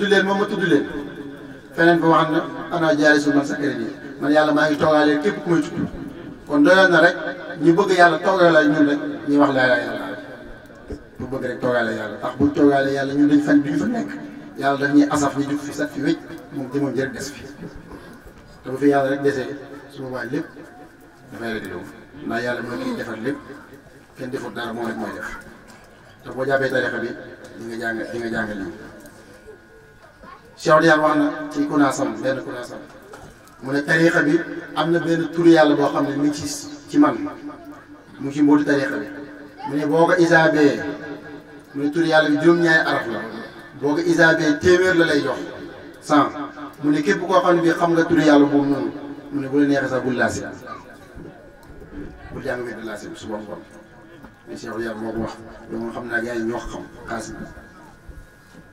tudd leen moom ma tudd leen feneen na ana jaari su yàlla maa ngi toogaalee képp ku na rek ñu bëgg yàlla toogaale la ñuy wax laa laa rek toogaale yàlla ndax bu yàlla ñun dañ fan bi ñu fa ñuy asaf ñu jug fi sat fi wécc moom jëmoom te bu fi yàlla rek desee su boobaa lépp dafay rek dow ndax yàlla mooy kiy defar lépp kenn defut dara moom rek mooy def te boo jàppee tarixa bi di nga jàng di nga jàng lii Cheikh yàlla wax na ci kunaasam benn kunaasam mu ne tariixa bi am na benn turu yàlla boo xam ne mu ngi ci ci man mu ngi ci mboolu tariixa bi mu ne boo ko isaabee mu ne turu yàlla bi juróom-ñaari araf la boo ko isaabee téeméer la lay jox cent mu ne képp koo xam ne bii xam nga turu yàlla boobu noonu mu ne bu la neexee sax bul laasi bul jàng wedd laasi bi suba ngoon moo ko wax donc xam naa gars ñoo xam xaalis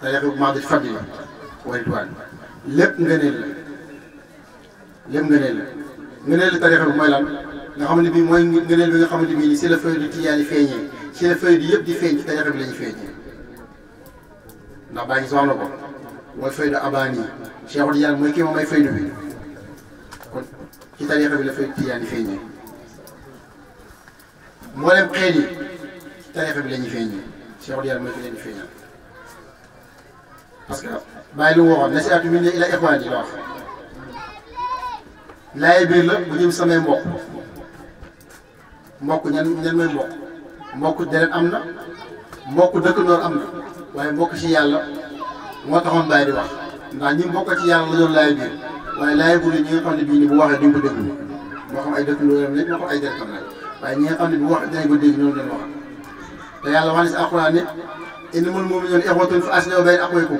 tariqul maadi fadli la lépp ngëneel la lépp ngëneel la ngëneel bi mooy lan nga xam ne bii mooy ngëneel bi nga xamante bii nii si la faydu tijaani feeñee yëpp di feeñ ci tariqa bi la ñuy feeñee ndax baa ngi soxla ko mooy faydu abaani Cheikh Tidiane mooy kii moom bi kon ci tariqa bi la xeet yi ci tariqa bi la ñuy feeñee Cheikh Tidiane mooy ki leen di feeñal. parce que bàyyi lu mu waxoon nasiihatu minni ilaa ixwaani la wax laay biir la bu jëm samay mbokk mbokk ñan ñan mooy mbokk mbokk deret am na mbokk dëkk noor am na waaye mbokk ci yàlla moo taxoon bàyyi di wax ndax ñi mbokk ci yàlla la doon laay biir waaye laay biir ñi nga xam ne bii ni bu waxee duñ ko déglu moo xam ay dëkk nooram lañ moo xam ay deretam lañ waaye ñi nga xam ne bu wax dinañ ko dégg noonu lañ wax te yàlla wax na si alxuraan ne إن المؤمنين يغوتون في أسنى وبين أقويكم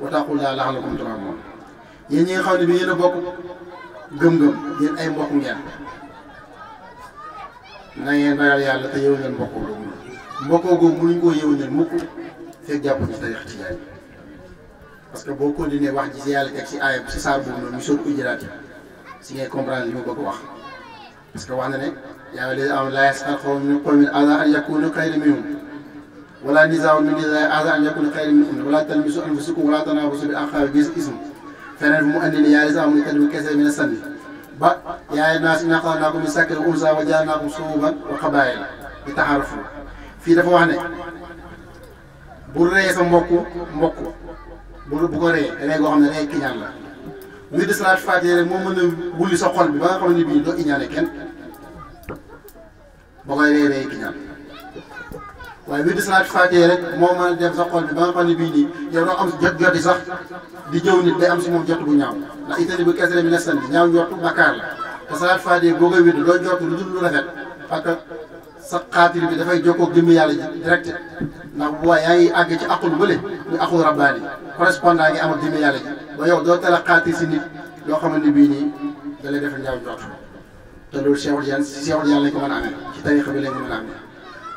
وتقول لا لعلكم ترحمون يني خالد بي ين بوك گم گم ين اي بوك نيا نا ين ريال يالا تا يو نين بوكو لوم بوكو گو مو نكو يو نين موكو في جابو ني تاريخ تي يالا باسكو بوكو دي ني واخ جي سي يالا تك سي اي سي سار بو نو سو اجرات سي ني كومبران لي مو بوكو واخ باسكو وانا ني يالا لي ام لا يسخ خو ني قوم الا ان يكون خير منهم ولا نزاع من نزاع أعزى أن يكون خير منهم ولا تلمسوا أنفسكم ولا تنابسوا بالألقاب باسم فنعرف مؤنن يا رزاع من كلمة كذا من ب يا الناس إن خلقناكم لكم سكر أنزا وجانا صعوبا وقبائل لتعارفوا في dafa بره ne bul مكو بره mbokk mbokk bu bu ko reyee ويد goo xam ne rey kiñaan la muy de salaat faatee rek moo mën a waaye wirdu salaatul faatiha rek moo mën a def sa xol bi ba nga xam ne bii nii yow doo am jot joti sax di jëw nit day am si moom jot bu ñaaw ndax itali bu kesre mi nesan bi ñaaw njortu bakkaar la te salaatul faatiha boo koy wirdu doo jot lu dul lu rafet parce que sa xaatir bi dafay jokkoog jëmm yàlla direct ndax bu waaye yaa ngi àgg ci aqul bële muy aqul rabbaani correspondant ngi am ak jëmm yàlla ji ba yow doo tala xaatir si nit loo xamante ne bii nii da lay def njaaw njort te loolu Cheikh Oudjian Cheikh Oudjian lañ ko mën a amee ci tariqa bi lañ ko mën a amee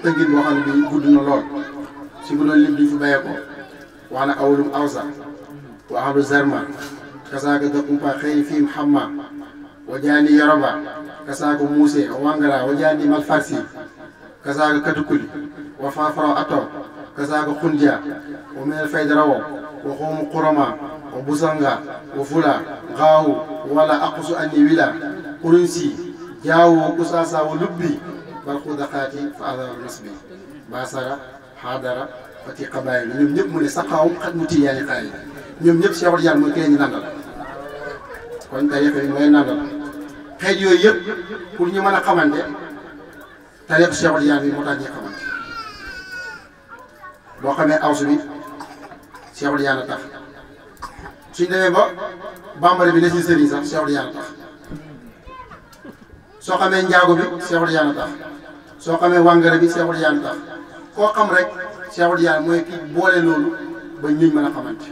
ci tëggin boo xam ne bii gudd na lool su ko doon lim di fi bayee ko wax na awlum awsa wa ahlu zarma kasaaka gakumpa xëy fiim xamma wa jaani yoroba kasaaka muuse wangara wa jaani malfarsi kasaaka katukuli wa faafaraw ato kasaaka xunja wa minel fayd rawo wa xoomu qurama wa busanga wa fula ngaawu wala aqusu anni wila kurunsi jaawu wa kusaasa wa lubbi balku daqaati fa adara nasbi basara xaadara fati qabaay la ñoom ñëpp mu ne saxaawum xat mu tiyaani xaay ñoom ñëpp Cheikh Oudjane mooy keneen ñu nandal kon tariqa bi mooy nandal xeet yooyu yëpp pour ñu mën a xamante tariqa Cheikh Oudjane bi moo tax ñuy xamante boo xamee awsu bi Cheikh Oudjane tax suñ demee ba bambara bi ne si sëriñ sax Cheikh Oudjane tax soo xamee njaago bi Cheikh Oudjane tax. soo xamee wàngara bi Seexul Tijaan tax koo xam rek Seexul Tijaan mooy kii boole loolu ba ñuñ mën a xamante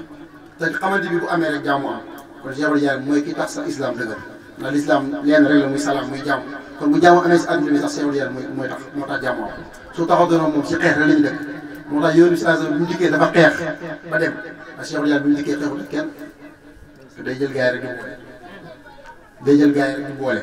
te xamante bi bu amee rek jàmm am kon Seexul Tijaan mooy ki tax sa islam dëgër ndax l'islam leen rek la muy salaam muy jàmm kon bu jàmm amee si àdduna bi sax Seexul Tijaan mooy mooy tax moo tax jàmm am su taxaw doon moom si xeex rek la ñu dëkk moo tax yoonu saa bu ñu dikkee dafa xeex ba dem ak Seexul Tijaan bu ñu dikkee xeexul kenn day jël gaay rek jël gaay rek di boole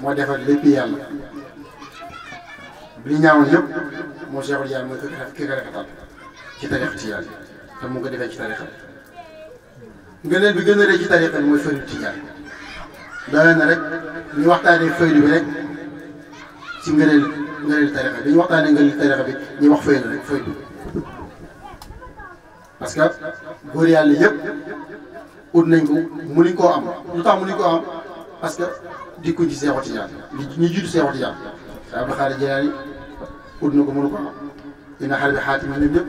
moo defar lépp yàlla bi ñaawoon yëpp moo Seexul yàlla mooy ki ko rafetal ci tarixa ci te moo ngi ko defee ci tarixa bi ngëneel bi gën a rëy ci tarixa bi mooy faydu tijaan doole na rek ñu waxtaanee faydu bi rek ci ngëneel ngëneel tarixa bi ñu waxtaanee ngëneel tarixa bi ñu wax faydu rek faydu parce que góor yàlla yëpp ut nañ ko mënuñ koo am lu tax mënuñ koo am parce jikko ji Seexu Tijaan li ñu jiitu Seexu Tijaan Abdul Xaadir Jilaani ut na ko mënu ko dina xar bi xaati ma ñoom ñëpp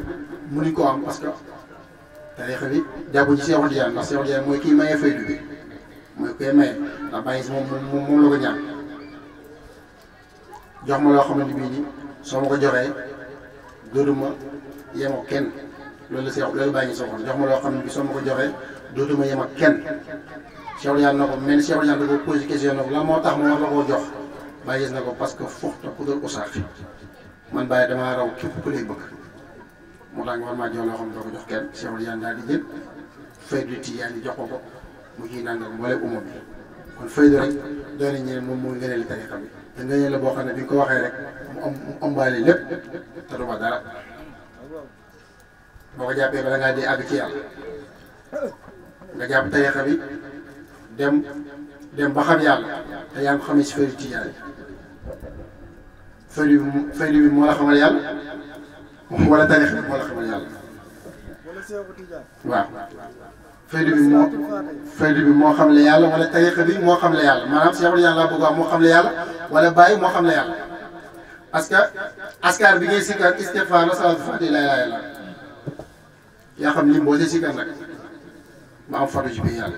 mënuñ ko am parce que tariixa bi jàppuñ kii maye faydu bi mooy koy maye ndax ma loo xamante bii nii soo ma ko joxee dootuma yem ak kenn loolu la Seex loolu bàyyi ñu jox ma loo xam ne bii soo ma ko joxee dootuma yem kenn Cheikh Olyane na ko mel ni Cheikh Olyane da ko posé question na ko lan moo tax mu war la koo jox bàyyi gis na ko parce que fuxta ku dul usaax man bàyyi damaa raw képp ku lay bëgg moo tax nga war maa jox loo xam ne doo ko jox kenn Cheikh Olyane daal di jël faydu tijaan yi jox ko ko mu ciy naan moo mbooleeg umam bi kon faydu rek doy nañ moom mooy ngëneeli tariqa bi te ngëneel la boo xam ne bi nga ko waxee rek mu am mu ëmbaale lépp te du ma dara boo ko jàppee bala ngaa dee ci yàlla dem dem ba xam yàlla te yaa ngi ko xamee si faydu tijaan yi faydu bi faydu bi moo la xamal yàlla wala tarix bi moo la xamal yàlla waaw faydu bi moo faydu bi moo xam le yàlla wala tarix bi moo xam le yàlla maanaam Seexul Tijaan laa bëgg wax moo xam la yàlla wala bàyyi moo xam le yàlla parce que askar bi ngay sikkar istixfaar la salaatu faatihi laa ilaaha illallaah yaa xam lim boo si sikkar nag ma am fadu ci biir yàlla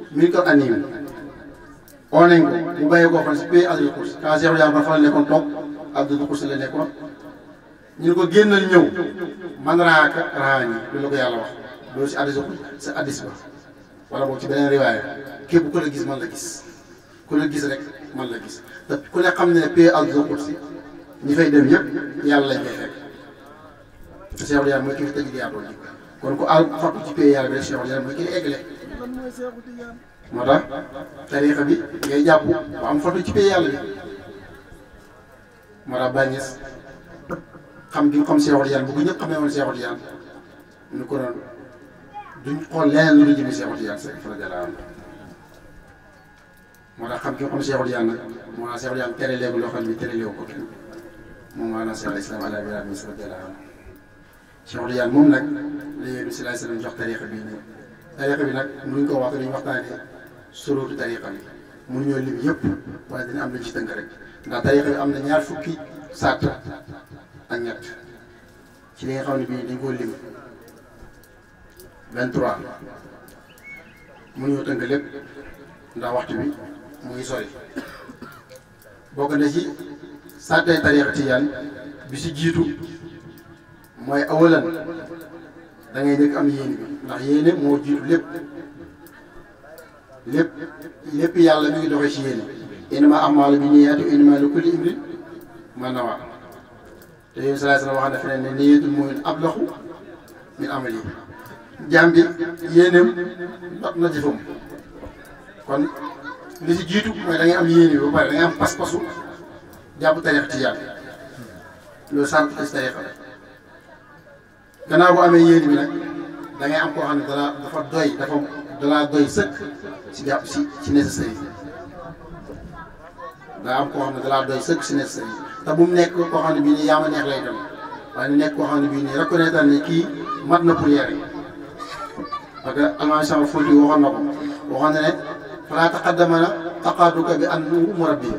mi ko anime oo nañ ko mu bàyyi koo fan la nekkoon toog ne ko génnal ñëw man raaka raani loolu yàlla wax loolu si addis sa addis ba wala ci beneen gis man la la gis rek man la gis te ku ne xam ne pays Azal Koursi yëpp yàlla lañ fay fekk Seexu Jaam mooy kii kon ku al fàttu ci pays yàlla bi rek Seexu Jaam mooy kii eggale moo tax tariixa bi ngay jàpp bu am foto ci pay yàlla bi moo tax bàyyi xam gi nga xam Seexul Tijaan bu ko ñëpp xamee woon Seexul ko doon duñ xool leneen xam ki nga xam Seexul Tijaan nag moo tax Seexul Tijaan tere léegi loo xam tere léegi ko kenn moom maanaam Seexul Islaam ala moom nag li yéen si laay seen jox tariixa bi nii tariqa bi nag mënuñ ko wax dañuy waxtaanee suróotu tariqa bi mënuñoo lim yëpp waaye dina am lu ci tënk rek ndax tariqa bi am na ñaar fukki sàtt ak ñett ci li nga xam ne bii dañ koo lim 23 mënuñoo tënk lépp ndax waxtu bi mu ngi sori bokk na ci sàttee tariqa tijaan bi si jiitu mooy awalan da ngay njëkk am yéen bi ndax yéene moo jiitu lépp lépp lépp yàlla mi ngi doxee ci yéene innama amaalu bi niyaati innama li kulli imrin ma nawa te yéen salaay salaam wax na feneen ne niyatul mu'min ablaxu min amali jaam bi yéeneem dot na jëfam kon li ci jiitu mooy da am yéene bi pare da am pas-pasu jàpp tarix ci yàlla loolu sant ci tarixa la gannaaw bu amee yéene bi nag dangay am koo xam ne dala dafa doy dafa dalaa doy sëkk ci jàpp si ci nécessaire am koo xam ne dalaa doy sëkk si nécessaire yi te bu mu nekk koo xam ne bii nii yaa ma neex lay dem waaye mu nekk koo xam ne bii nii reconnaître ne kii mat na pour yére parce que almaami sama Fuuti waxoon na ko waxoon na ne falaa taqaddama taqaaduka bi annahu murabbi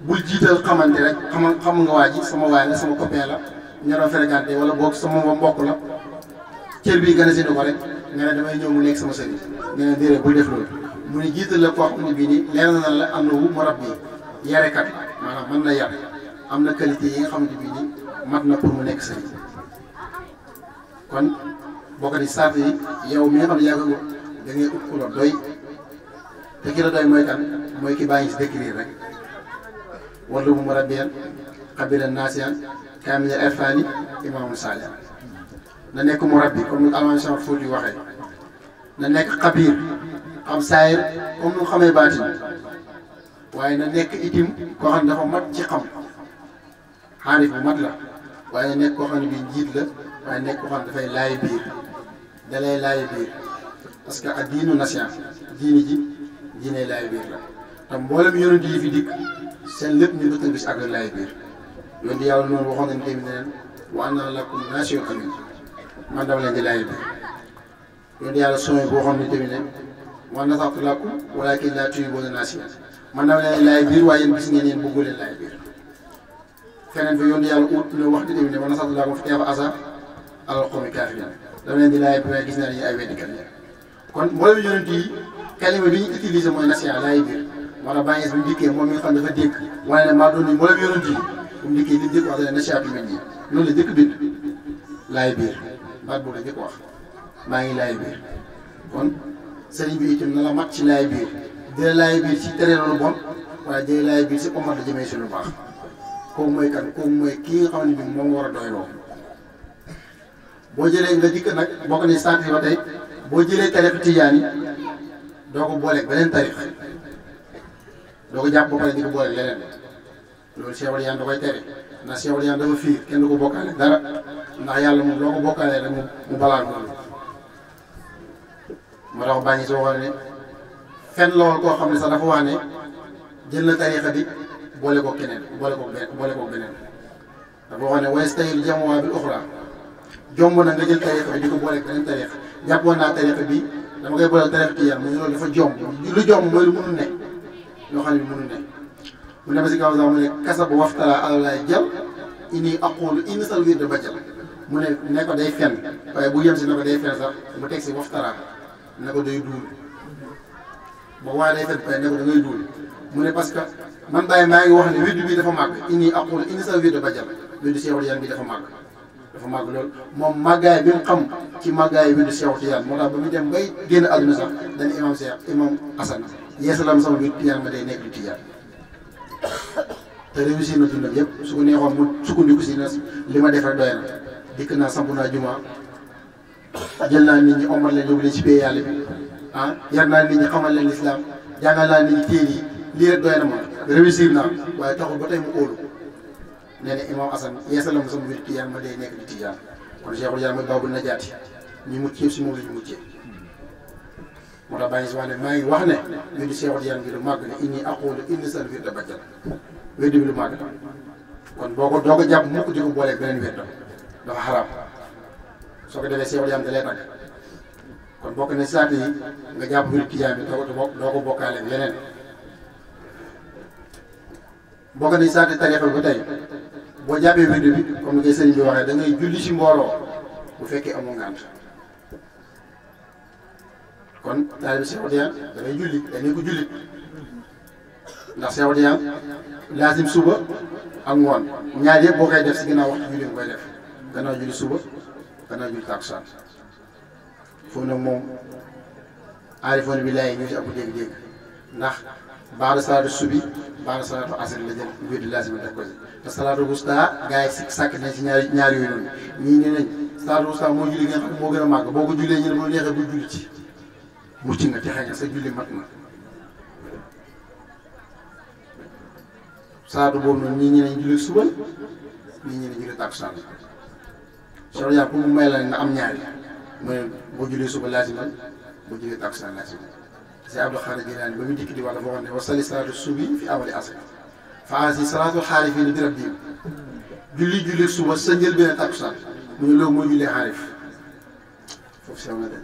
bul jiital xamante rek xam nga waa ji sama waay sama copain la ñoroo fréquenté wala boog sama mbokk la cër bii gën a séddu ko rek nga ne damay ñëw mu nekk sama sëriñ nga ne déedéet bul def loolu mu ne jiital la koo xam bii nii leer na la am na mu rab bi yarekat maanaam mën na yar am na qualité yi nga xam ne bii nii mat na pour mu nekk sëriñ kon boo ko di sart yi yow mi nga xam ne yaa ngi da ngay ut ku la doy te ki la doy mooy kan mooy ki bàyyi si décrire rek wala mu mën a biir xabila naasiyan kaamil irfaani imaamu saalihan نانيك مربي كم الألوان شام فولي واحد نانيك قبير أم سائر أم نخمة باتين وين نانيك إتيم كوهان دفع مات تقام حارف مدلا وين نانيك كوهان بين جيدل وين نانيك كوهان دفع لاي بير دلائي لاي بير بس كأدين ونسيان دين جي دين لاي بير تم بولا ميون دي في ديك سلب نبتن بس أقل لاي بير يوم دي أول مرة بخون إنتي منين وأنا لكم ناسي وأمين man dama leen di laaj bi yoon yàlla sommet boo xam ne tamit ne man nasartu lakum walaakin laa tuhibbuuna naasihiin man dama leen laaj biir waaye yéen gis ngeen yéen bëggu leen laaj biir feneen fi yoon yàlla ut na wax di tamit ne man nasartu lakum fa kayfa asa alal qawmi kaafiriin dama leen di laaj bi waaye gis naa ne ay weddikat la kon mboolem yonent yi kalima bi ñu utilisé mooy nasiha laaj biir moo tax bàyyi bi mu dikkee moom mi nga xam dafa dégg waaye nag maa doon ni mboolem yonent yi bu mu dikkee li mu dégg wax dana nasiha bi mel nii loolu la dëkk bi laay biir baat boobu la jëkk wax maa ngi laay biir kon sëriñ bi itam na la mat ci laay biir dina laay biir ci tere lu bon waaye dina laay biir si omat la jëmee si lu baax kooku mooy kan kooku mooy kii nga xam ne bi moom war a doyloo boo jëlee nga dikk nag bokk ni sànq ba tey boo jëlee tarix tijaan yi doo ko booleeg beneen tarix doo ko jàpp ba pare di ko booleeg leneen loolu Cheikh Waliane da koy tere ndax Cheikh Olyane dafa fii kenn du ko bokkaale dara ndax yàlla moom loo ko bokkaalee rek mu mu balaa noonu moo koo xam ne sax dafa wax ne jël na tariixa bi boole ko keneen boole ko benn ko beneen dafa waxoon naa tariixa bi dama koy boole tariixa kii yàlla mu ne loolu dafa jomb lu jomb mooy lu mënul ne loo xam ne mënul ne. mu dem si kaw sax mu ne kasa bu waxtala alalaay jal ini aqulu ini sal wir de bajal mu ne nekkoo ko fen waaye bu yem si ne ko day fen sax mu teg si waxtala ne ko day duul ba waa day fen waaye ne ko mu ne parce que man bàyyi maa ngi wax ne wirdu bi dafa màgg ini aqulu ini sal wir de bajal wirdu Seexul Tijaan bi dafa màgg dafa màgg loolu moom màggaay bi mu xam ci màggaay wirdu Seexul Tijaan moo tax ba mu dem bay génn àdduna sax dañu imam Seex imam Asan yeesalam sama wirdu Tijaan ma dee nekk du Tijaan te réussir na dundam yëpp su ko neexoon mu sukkandiku si na li ma def rek dikk naa samp naa juma jël naa nit ñi omal leen yóbbu leen ci ah, naa nit ñi xamal leen lislaam jàngal naa nit ñi téere yi lii rek doy na ma réussir naa waaye taxul ba tey mu óolu nee na imaam Assane yeesalam sama mbir tiyaan ma day nekk di tiyaan kon Cheikhul Tijaan mooy baabu najaati ñu muccee si moom la ñu moo tax bàyyi si wax ne di ngi wax ini weddi Cheikh Tidiane gi lu màgg ne inni aqulu inni sal wirda bajjal weddi bi lu kon bogo dogo doo ko di ko booleeg beneen wet dafa xaraam soo ko defee Cheikh Tidiane da lay kon bogo ne sati, yi nga jàpp wiru Tidiane bi doo ko bogo ko bokkaale ak leneen bokk na saat yi tariixa bi ba bi comme bi da ngay bu kon taalibe Cheikh Odiyaan da ngay julli da ngay ko julli ndax Cheikh Odiyaan laasim suba ak ngoon ñaar yëpp boo koy def si gannaaw waxtu julli nga koy def gannaaw julli suba gannaaw julli takkusaan foofu nag moom aarifoon bi laay ñoo ci ëpp dégg-dégg ndax baax na subi baax na salaatu asr la jël wér di laasim def ko si te salaatu wusta gars yi si sàkk nañ si ñaar ñaari yooyu noonu ñii nee nañ salaatu wusta moo julli nga moo gën a màgg boo ko jullee ñu ne bu neexee bu julli ci mucc nga texe nga sa julli mat na saadu boobu noonu ñii ñeneen julli suba ñii ñeneen julli takkusaan soo yaa mu may la nga am ñaari mooy boo jullee suba laasimal boo jullee takkusaan laasimal si Abdou Xaadir Jilaani ne wasali salaatu subi fi awali fa asi salaatu xaarifiin bi rabbihim julli julli xaarif foofu sew na de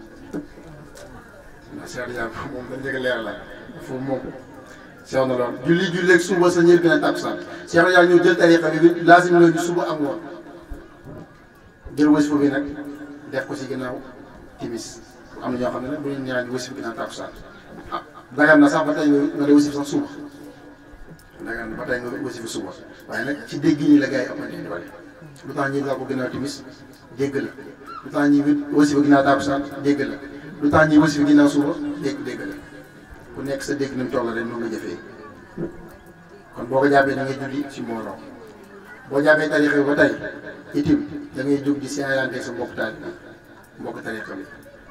ndax Cheikh Ndiaye moom dañ njëkk a leer la foofu moom seex na lool julli julleeg suba sa ñër gën a tàkkusaan Cheikh Ndiaye ñëw jël tariqa bi bi laasim loolu suba ak ngoon jël wasifa bi nag def ko ci ginnaaw timis am na ñoo xam ne nag bu ñu ñaan wasifa ginnaaw tàkkusaan ah dagan na sax ba tey nga dee wasif sax suba dagan na ba tey nga wasif suba waaye nag ci dégg ñi la gars yi ëppante doole lu tax ñi daa ko ginnaaw timis dégg la lu tax ñi wasifa ginnaaw tàkkusaan dégg la lu tax ñuy wasif ginnaaw suba dégg-dégg la ku nekk sa dégg ni mu toll rek noonu nga jëfee kon boo ko jàppee da ngay julli ci mbooloo boo jàppee tarixa bi ba tey itim da ngay jóg di siyaarante sa mbokk taal bi mbokk tarixa bi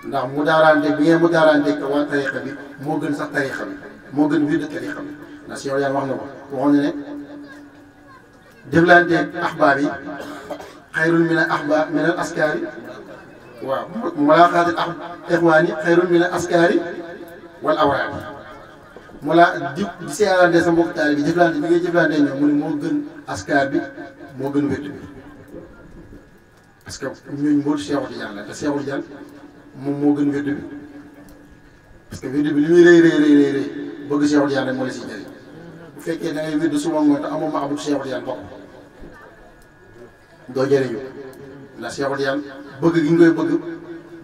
ndax mu daaraante bi ngeen mu daaraante te waa tarixa bi moo gën sax tarixa bi moo gën wir de tarixa bi ndax si yow yaa wax na ko waxoon na ne jëflante axbaab yi xayrun min al axbaab min al askaari waaw mulaaxaatil ak ixwaani xayrun min askaari wal awraad mu laa di di seerante sa mbokk taal bi jëflante bi ngay jëflante ñoom mu ne moo gën askaar bi moo gën wétt bi parce que ñooñu mbootu Seexu la te Seexu Tijaan moom moo gën wétt bi parce que bi li muy rëy rëy rëy bëgg Seexu Tijaan rek moo la siy jëriñ bu fekkee da ngay wétt suba ngoon te ma amul Seexu Tijaan bokk doo jëriñu ndax Seexu Tijaan bëgg gi ngoy bëgg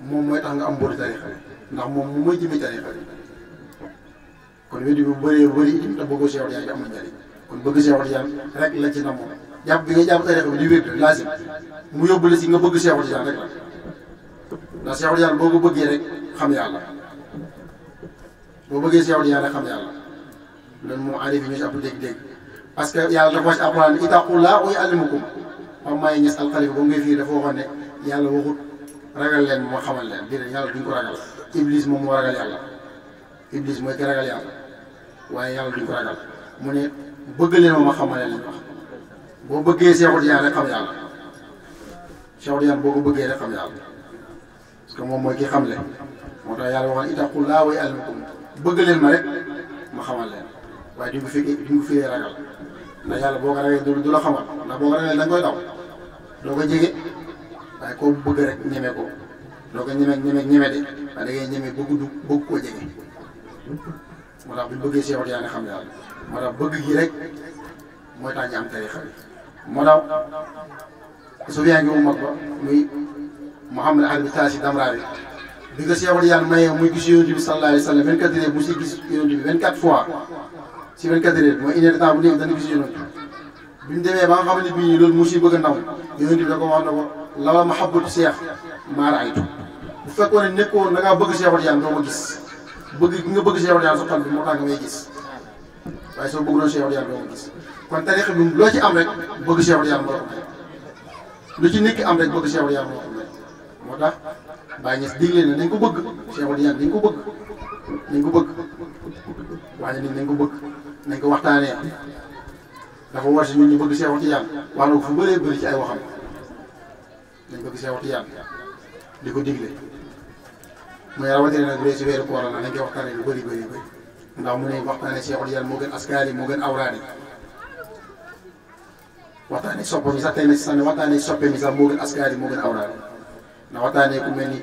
moom mooy tax nga am boori tarixa bi ndax moom moom mooy jëmee tarixa bi kon wéddi bu bëree bëri itam te bëggoo seewal yàlla am na njëriñ kon bëgg seewal yàlla rek la ci namoon jàpp bi nga jàpp tarixa bi di wéet lazim mu yóbbu la si nga bëgg seewal yàlla rek la ndax seewal yàlla boo ko bëggee rek xam yàlla boo bëggee seewal yàlla xam yàlla loolu moo arrivé ñu si ab dégg-dégg parce que yàlla dafa wax ci alquran itaqullah wa yuallimukum Pape Maye Niass alxalifa ba mu ngi fii dafa waxoon ne yàlla waxut ragal leen moo xamal leen déedéet yàlla duñ ko ragal iblis moom moo ragal yàlla iblis mooy ki ragal yàlla waaye yàlla duñ ko ragal mu ne bëgg leen moom ma xamal leen boo bëggee Seexu Tijaan rek xam yàlla Seexu boo ko bëggee rek xam yàlla moom mooy ki xam leen moo tax yàlla waxoon ittaqullaaha leen ma ma xamal leen waaye duñ ko fekkee duñ ko fekkee ragal ndax yàlla boo ko ragee du la xamal ndax boo ko ragalee da koy daw doo ko jege. waaye koo bëgg rek ñeme ko doo ko ñeme ñeme ñeme de waaye da ñeme bëgg du bëgg koo jege moo tax bu ñu bëggee seexut yaa nga xam yàlla moo tax bëgg gi rek mooy tax ñu am tariixa bi moo tax su yaa ngi mu mag ba muy Mouhamed Ali Taasi bi nga seexut yàlla mayee muy gis yonent bi sallallahu mu si gis yonent bi 24 fois si 24 heures mooy une bu néew dana gis yonent bi mu demee ba nga xam ne bii loolu mu si bëgg a ndaw yonent bi da wax na ko lawa mahabbatu cheikh ma raaytu bu fekkone neko nekkoon da bëgg cheikh yaan do ma gis bëgg gi nga bëgg cheikh yaan sa tam mo moo tax nga may gis way so bëgg doon cheikh yaan do ma gis kon tariix bi lo ci am rek bëgg cheikh yaan mo ko lu ci nekk am rek bëgg cheikh yaan mo ko may moo tax Baay Ñas digle ne nañ ko bëgg cheikh yaan dañ ko bëgg dañ ko bëgg waaye nit nañ ko bëgg nañ ko waxtaanee dafa war si ñun ñu bëgg Cheikh ci yaan wax fu bëree bëri ci ay waxam dañ ko gisee waxtu ko digle muy rawatina nag bu dee si moo gën askaar moo gën awraad yi waxtaanee sopp mi sax tey na moo gën askaar yi moo gën awraad ndax waxtaanee ku mel ni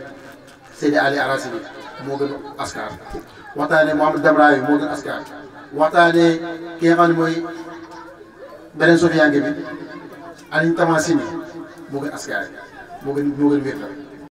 Seydi Ali Arasi bi moo ki mooy beneen sofiyanke bi Aliñ moo gën askaar moo gën moo gën wér la